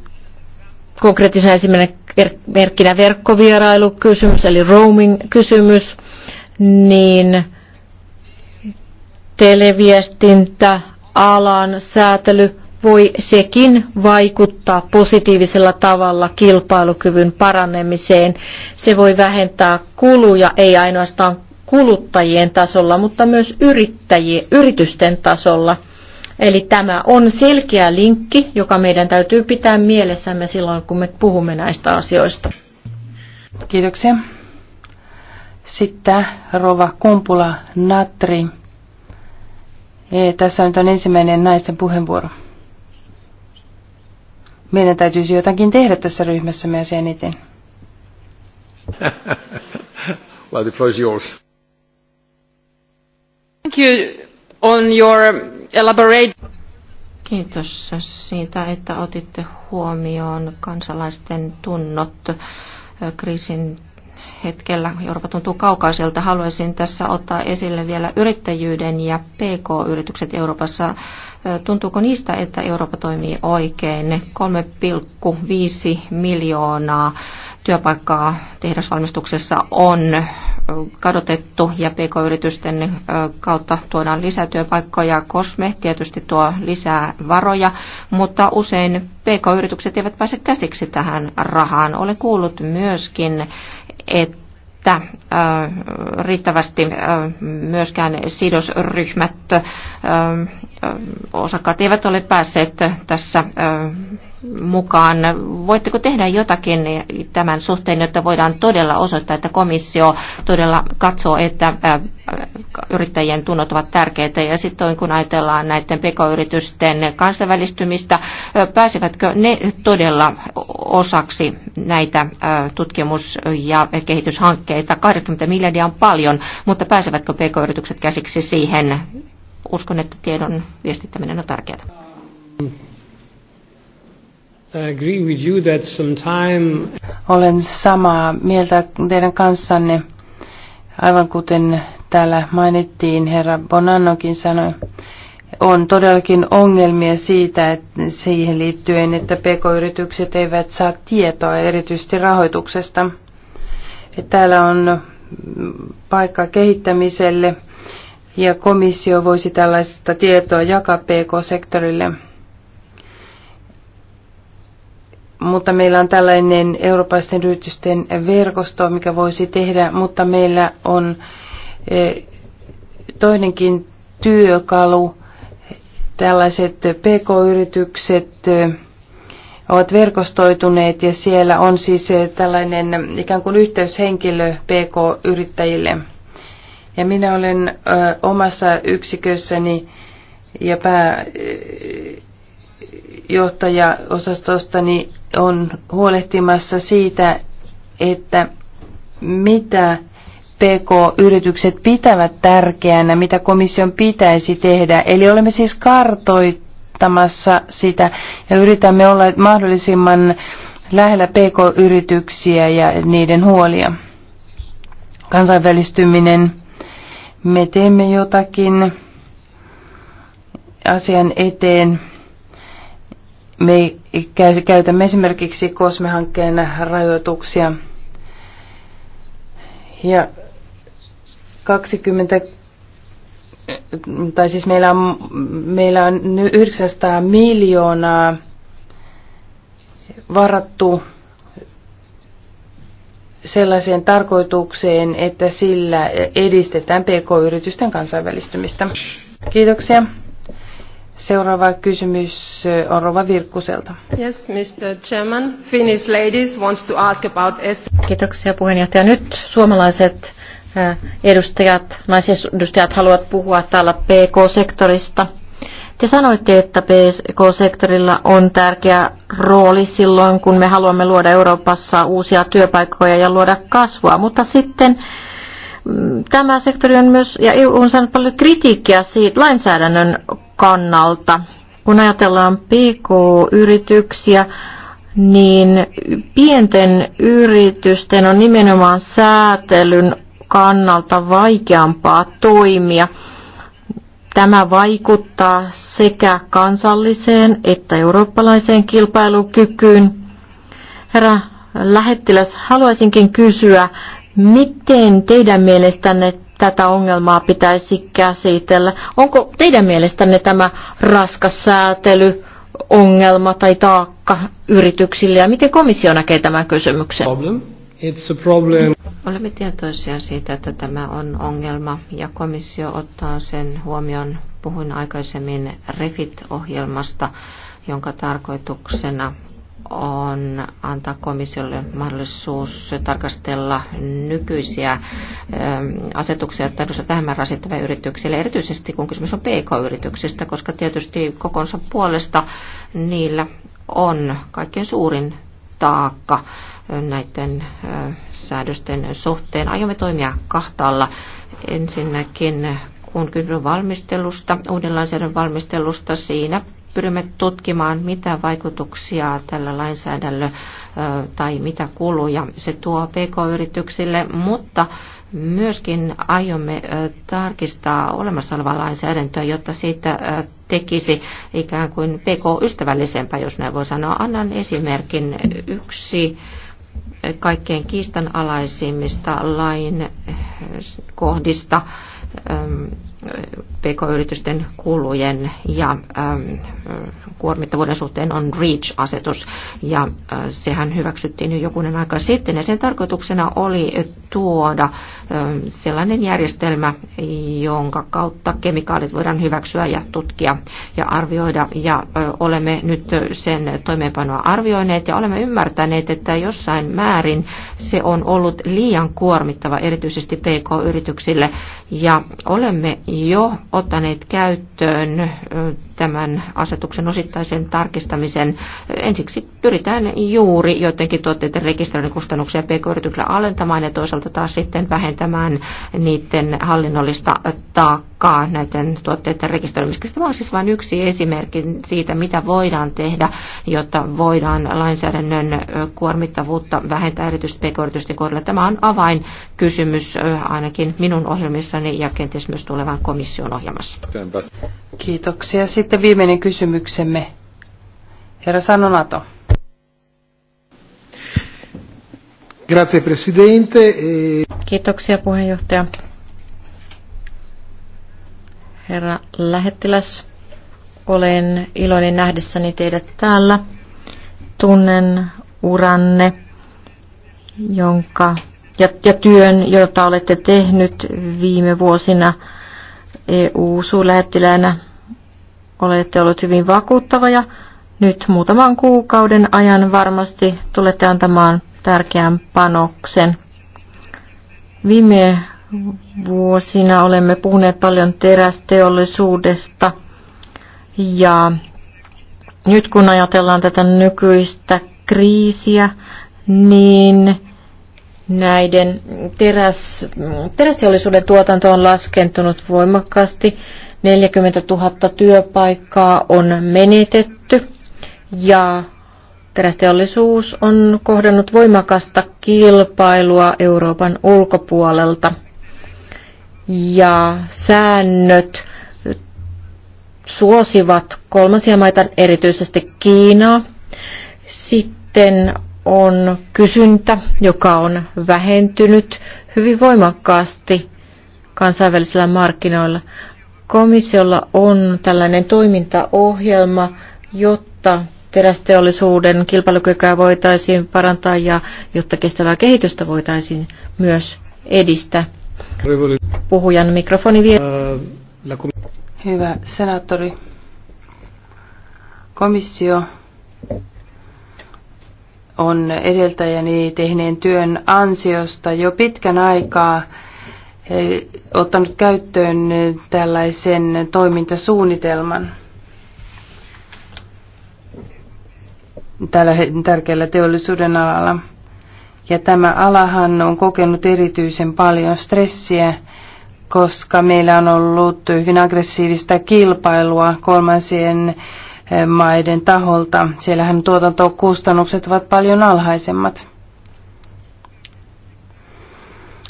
konkreettisena esimerkkinä verkkovierailukysymys eli roaming-kysymys, niin televiestintä, alan säätely voi sekin vaikuttaa positiivisella tavalla kilpailukyvyn parannemiseen. Se voi vähentää kuluja ei ainoastaan kuluttajien tasolla, mutta myös yritysten tasolla. Eli tämä on selkeä linkki, joka meidän täytyy pitää mielessämme silloin, kun me puhumme näistä asioista. Kiitoksia. Sitten Rova Kumpula Natri. Ei, tässä nyt on ensimmäinen naisten puheenvuoro. Meidän täytyisi jotakin tehdä tässä ryhmässä myös eniten. well, the floor is yours. Thank you on your elaborate. Kiitos siitä, että otitte huomioon kansalaisten tunnot kriisin hetkellä. Eurooppa tuntuu kaukaiselta. Haluaisin tässä ottaa esille vielä yrittäjyyden ja PK-yritykset Euroopassa. Tuntuuko niistä, että Eurooppa toimii oikein? 3,5 miljoonaa työpaikkaa tehdasvalmistuksessa on kadotettu ja pk-yritysten kautta tuodaan lisää työpaikkoja. Kosme tietysti tuo lisää varoja, mutta usein pk-yritykset eivät pääse käsiksi tähän rahaan. Olen kuullut myöskin, että että riittävästi myöskään sidosryhmät, osakkaat eivät ole päässeet tässä mukaan. Voitteko tehdä jotakin tämän suhteen, jotta voidaan todella osoittaa, että komissio todella katsoo, että yrittäjien tunnot ovat tärkeitä. Ja sitten kun ajatellaan näiden pk-yritysten kansainvälistymistä, pääsevätkö ne todella osaksi näitä tutkimus- ja kehityshankkeita? 80 miljardia on paljon, mutta pääsevätkö pk-yritykset käsiksi siihen? Uskon, että tiedon viestittäminen on tärkeää agree with you that Olen samaa mieltä teidän kanssanne, aivan kuten täällä mainittiin, herra Bonannokin sanoi, on todellakin ongelmia siitä, että siihen liittyen, että pk-yritykset eivät saa tietoa erityisesti rahoituksesta. Täällä on paikka kehittämiselle ja komissio voisi tällaista tietoa jakaa pk-sektorille. mutta meillä on tällainen eurooppalaisten yritysten verkosto, mikä voisi tehdä, mutta meillä on e, toinenkin työkalu, tällaiset pk-yritykset e, ovat verkostoituneet ja siellä on siis e, tällainen ikään kuin yhteyshenkilö pk-yrittäjille. Ja minä olen omassa yksikössäni ja pää johtajaosastostani on huolehtimassa siitä, että mitä PK-yritykset pitävät tärkeänä, mitä komission pitäisi tehdä. Eli olemme siis kartoittamassa sitä ja yritämme olla mahdollisimman lähellä PK-yrityksiä ja niiden huolia. Kansainvälistyminen. Me teemme jotakin asian eteen. Me käytämme esimerkiksi kosmehankkeen rajoituksia. Ja 20 tai siis meillä on, meillä on 900 miljoonaa varattu sellaiseen tarkoitukseen, että sillä edistetään pk-yritysten kansainvälistymistä. Kiitoksia. Seuraava kysymys eh, on Rova Virkkuselta. Yes, Mr. Chairman. Finnish ladies wants to ask about Kiitoksia puheenjohtaja. Nyt suomalaiset eh, edustajat, naisedustajat haluavat puhua täällä PK-sektorista. Te sanoitte, että PK-sektorilla on tärkeä rooli silloin, kun me haluamme luoda Euroopassa uusia työpaikkoja ja luoda kasvua, mutta sitten mm, tämä sektori on myös, ja EU on saanut paljon kritiikkiä siitä lainsäädännön kannalta. Kun ajatellaan PK-yrityksiä, niin pienten yritysten on nimenomaan säätelyn kannalta vaikeampaa toimia. Tämä vaikuttaa sekä kansalliseen että eurooppalaiseen kilpailukykyyn. Herra lähettiläs, haluaisinkin kysyä, miten teidän mielestänne tätä ongelmaa pitäisi käsitellä. Onko teidän mielestänne tämä raskas säätely ongelma tai taakka yrityksille ja miten komissio näkee tämän kysymyksen? Problem. It's a problem. Olemme tietoisia siitä, että tämä on ongelma ja komissio ottaa sen huomioon. Puhuin aikaisemmin REFIT-ohjelmasta, jonka tarkoituksena on antaa komissiolle mahdollisuus tarkastella nykyisiä ähm, asetuksia, jotka tähän vähemmän rasittavia yrityksille, erityisesti kun kysymys on PK-yrityksistä, koska tietysti kokonsa puolesta niillä on kaikkein suurin taakka äh, näiden äh, säädösten suhteen. Aiomme toimia kahtaalla. Ensinnäkin äh, kun kysymys valmistelusta, uuden lainsäädännön valmistelusta, siinä pyrimme tutkimaan, mitä vaikutuksia tällä lainsäädännöllä tai mitä kuluja se tuo pk-yrityksille, mutta myöskin aiomme tarkistaa olemassa olevaa lainsäädäntöä, jotta siitä tekisi ikään kuin pk-ystävällisempää, jos näin voi sanoa. Annan esimerkin yksi kaikkein kiistanalaisimmista lain kohdista pk-yritysten kulujen ja ähm, kuormittavuuden suhteen on REACH-asetus, ja äh, sehän hyväksyttiin jo jokunen aika sitten, ja sen tarkoituksena oli tuoda ähm, sellainen järjestelmä, jonka kautta kemikaalit voidaan hyväksyä ja tutkia ja arvioida, ja olemme nyt sen toimeenpanoa arvioineet, ja olemme ymmärtäneet, että jossain määrin se on ollut liian kuormittava, erityisesti pk-yrityksille, ja olemme jo ottaneet käyttöön tämän asetuksen osittaisen tarkistamisen. Ensiksi pyritään juuri joidenkin tuotteiden rekisteröinnin kustannuksia pk-yrityksillä alentamaan ja toisaalta taas sitten vähentämään niiden hallinnollista taakkaa näiden tuotteiden rekisteröimiseksi. Tämä on siis vain yksi esimerkki siitä, mitä voidaan tehdä, jotta voidaan lainsäädännön kuormittavuutta vähentää erityisesti pk-yritysten kohdalla. Tämä on avainkysymys ainakin minun ohjelmissani ja kenties myös tulevan komission ohjelmassa. Kiitoksia. Sitten sitten viimeinen kysymyksemme. Herra Sanonato. Grazie Presidente. E- Kiitoksia puheenjohtaja. Herra lähettiläs, olen iloinen nähdessäni teidät täällä. Tunnen uranne jonka, ja, ja työn, jota olette tehnyt viime vuosina EU-suurlähettiläänä olette ollut hyvin vakuuttava ja nyt muutaman kuukauden ajan varmasti tulette antamaan tärkeän panoksen. Viime vuosina olemme puhuneet paljon terästeollisuudesta ja nyt kun ajatellaan tätä nykyistä kriisiä, niin näiden teräs, terästeollisuuden tuotanto on laskentunut voimakkaasti 40 000 työpaikkaa on menetetty ja terästeollisuus on kohdannut voimakasta kilpailua Euroopan ulkopuolelta. Ja säännöt suosivat kolmansia maita, erityisesti Kiinaa. Sitten on kysyntä, joka on vähentynyt hyvin voimakkaasti kansainvälisillä markkinoilla. Komissiolla on tällainen toimintaohjelma, jotta terästeollisuuden kilpailukykyä voitaisiin parantaa ja jotta kestävää kehitystä voitaisiin myös edistää. Puhujan mikrofoni vie. Hyvä senaattori. Komissio on edeltäjäni tehneen työn ansiosta jo pitkän aikaa ottanut käyttöön tällaisen toimintasuunnitelman tällä tärkeällä teollisuuden alalla. Ja tämä alahan on kokenut erityisen paljon stressiä, koska meillä on ollut hyvin aggressiivista kilpailua kolmansien eh, maiden taholta. Siellähän tuotantokustannukset ovat paljon alhaisemmat.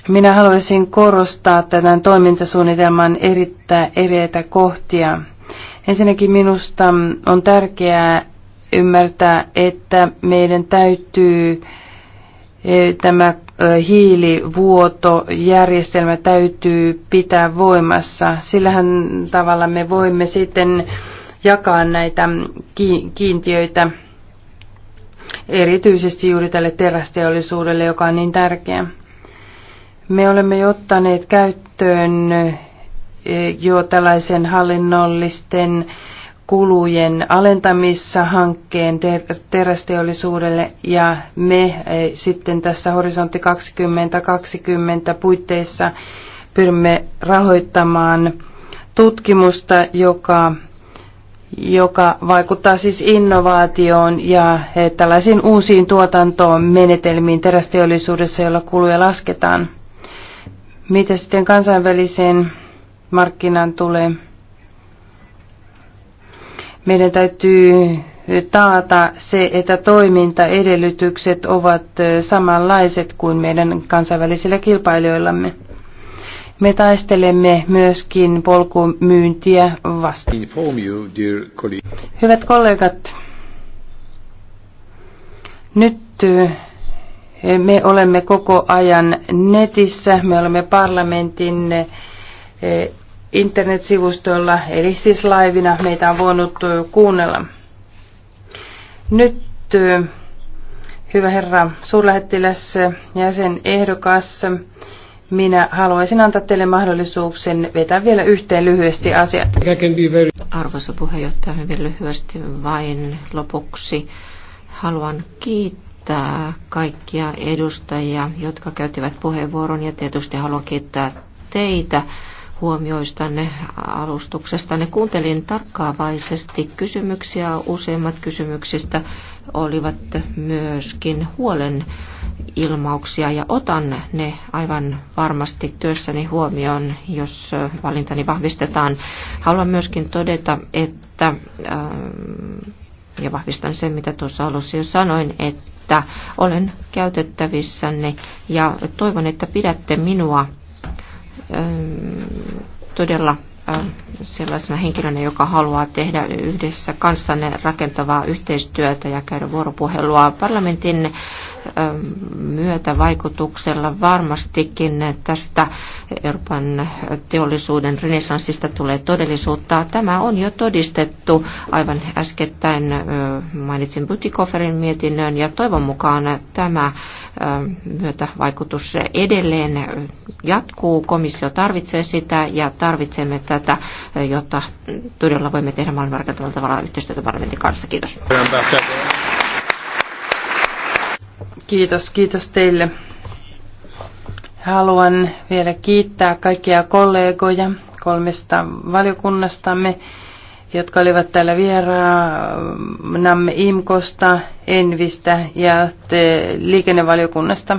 Minä haluaisin korostaa tämän toimintasuunnitelman erittäin eriä kohtia. Ensinnäkin minusta on tärkeää ymmärtää, että meidän täytyy e, tämä e, hiilivuotojärjestelmä täytyy pitää voimassa. Sillähän tavalla me voimme sitten jakaa näitä kiintiöitä erityisesti juuri tälle terästeollisuudelle, joka on niin tärkeä. Me olemme jo ottaneet käyttöön eh, jo tällaisen hallinnollisten kulujen alentamissa hankkeen terästeollisuudelle ja me eh, sitten tässä Horisontti 2020 puitteissa pyrimme rahoittamaan tutkimusta, joka, joka vaikuttaa siis innovaatioon ja eh, tällaisiin uusiin tuotantoon menetelmiin terästeollisuudessa, jolla kuluja lasketaan. Mitä sitten kansainväliseen markkinaan tulee? Meidän täytyy taata se, että toimintaedellytykset ovat samanlaiset kuin meidän kansainvälisillä kilpailijoillamme. Me taistelemme myöskin polkumyyntiä vastaan. Hyvät kollegat, nyt me olemme koko ajan netissä, me olemme parlamentin eh, internetsivustoilla, eli siis laivina meitä on voinut eh, kuunnella. Nyt eh, hyvä herra suurlähettiläs jäsen ehdokas, minä haluaisin antaa teille mahdollisuuksen vetää vielä yhteen lyhyesti asiat. Arvoisa puheenjohtaja, hyvin lyhyesti vain lopuksi. Haluan kiittää kiittää kaikkia edustajia, jotka käyttivät puheenvuoron ja tietysti haluan kiittää teitä huomioistanne alustuksestanne. Kuuntelin tarkkaavaisesti kysymyksiä. Useimmat kysymyksistä olivat myöskin huolen ilmauksia ja otan ne aivan varmasti työssäni huomioon, jos valintani vahvistetaan. Haluan myöskin todeta, että ähm, ja vahvistan sen, mitä tuossa alussa jo sanoin, että olen käytettävissänne ja toivon, että pidätte minua ähm, todella ähm, sellaisena henkilönä, joka haluaa tehdä yhdessä kanssanne rakentavaa yhteistyötä ja käydä vuoropuhelua parlamentin Ähm, myötävaikutuksella varmastikin tästä Euroopan teollisuuden renessanssista tulee todellisuutta. Tämä on jo todistettu aivan äskettäin äh, mainitsin Butikoferin mietinnön ja toivon mukaan tämä ähm, myötävaikutus edelleen jatkuu. Komissio tarvitsee sitä ja tarvitsemme tätä, jotta todella voimme tehdä maailmanmarkkinoilla tavalla yhteistyötä parlamentin kanssa. Kiitos. Kiitos, kiitos teille. Haluan vielä kiittää kaikkia kollegoja kolmesta valiokunnastamme, jotka olivat täällä vieraanamme IMKosta, ENVistä ja liikennevaliokunnasta.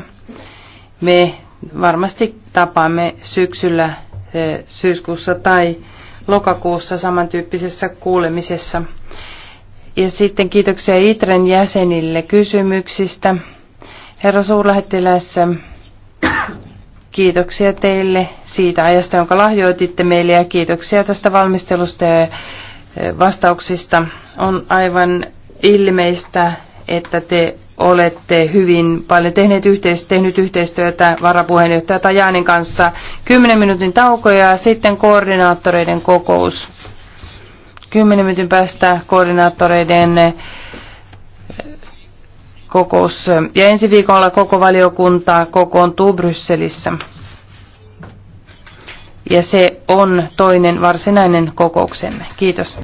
Me varmasti tapaamme syksyllä, eh, syyskuussa tai lokakuussa samantyyppisessä kuulemisessa. Ja sitten kiitoksia ITREN jäsenille kysymyksistä. Herra suurlähettiläs, kiitoksia teille siitä ajasta, jonka lahjoititte meille ja kiitoksia tästä valmistelusta ja e, vastauksista. On aivan ilmeistä, että te olette hyvin paljon tehneet, yhteis- tehnyt yhteistyötä varapuheenjohtaja Tajanin kanssa. 10 minuutin tauko ja sitten koordinaattoreiden kokous. 10 minuutin päästä koordinaattoreiden kokous ja ensi viikolla koko valiokunta kokoontuu Brysselissä. Ja se on toinen varsinainen kokouksemme. Kiitos.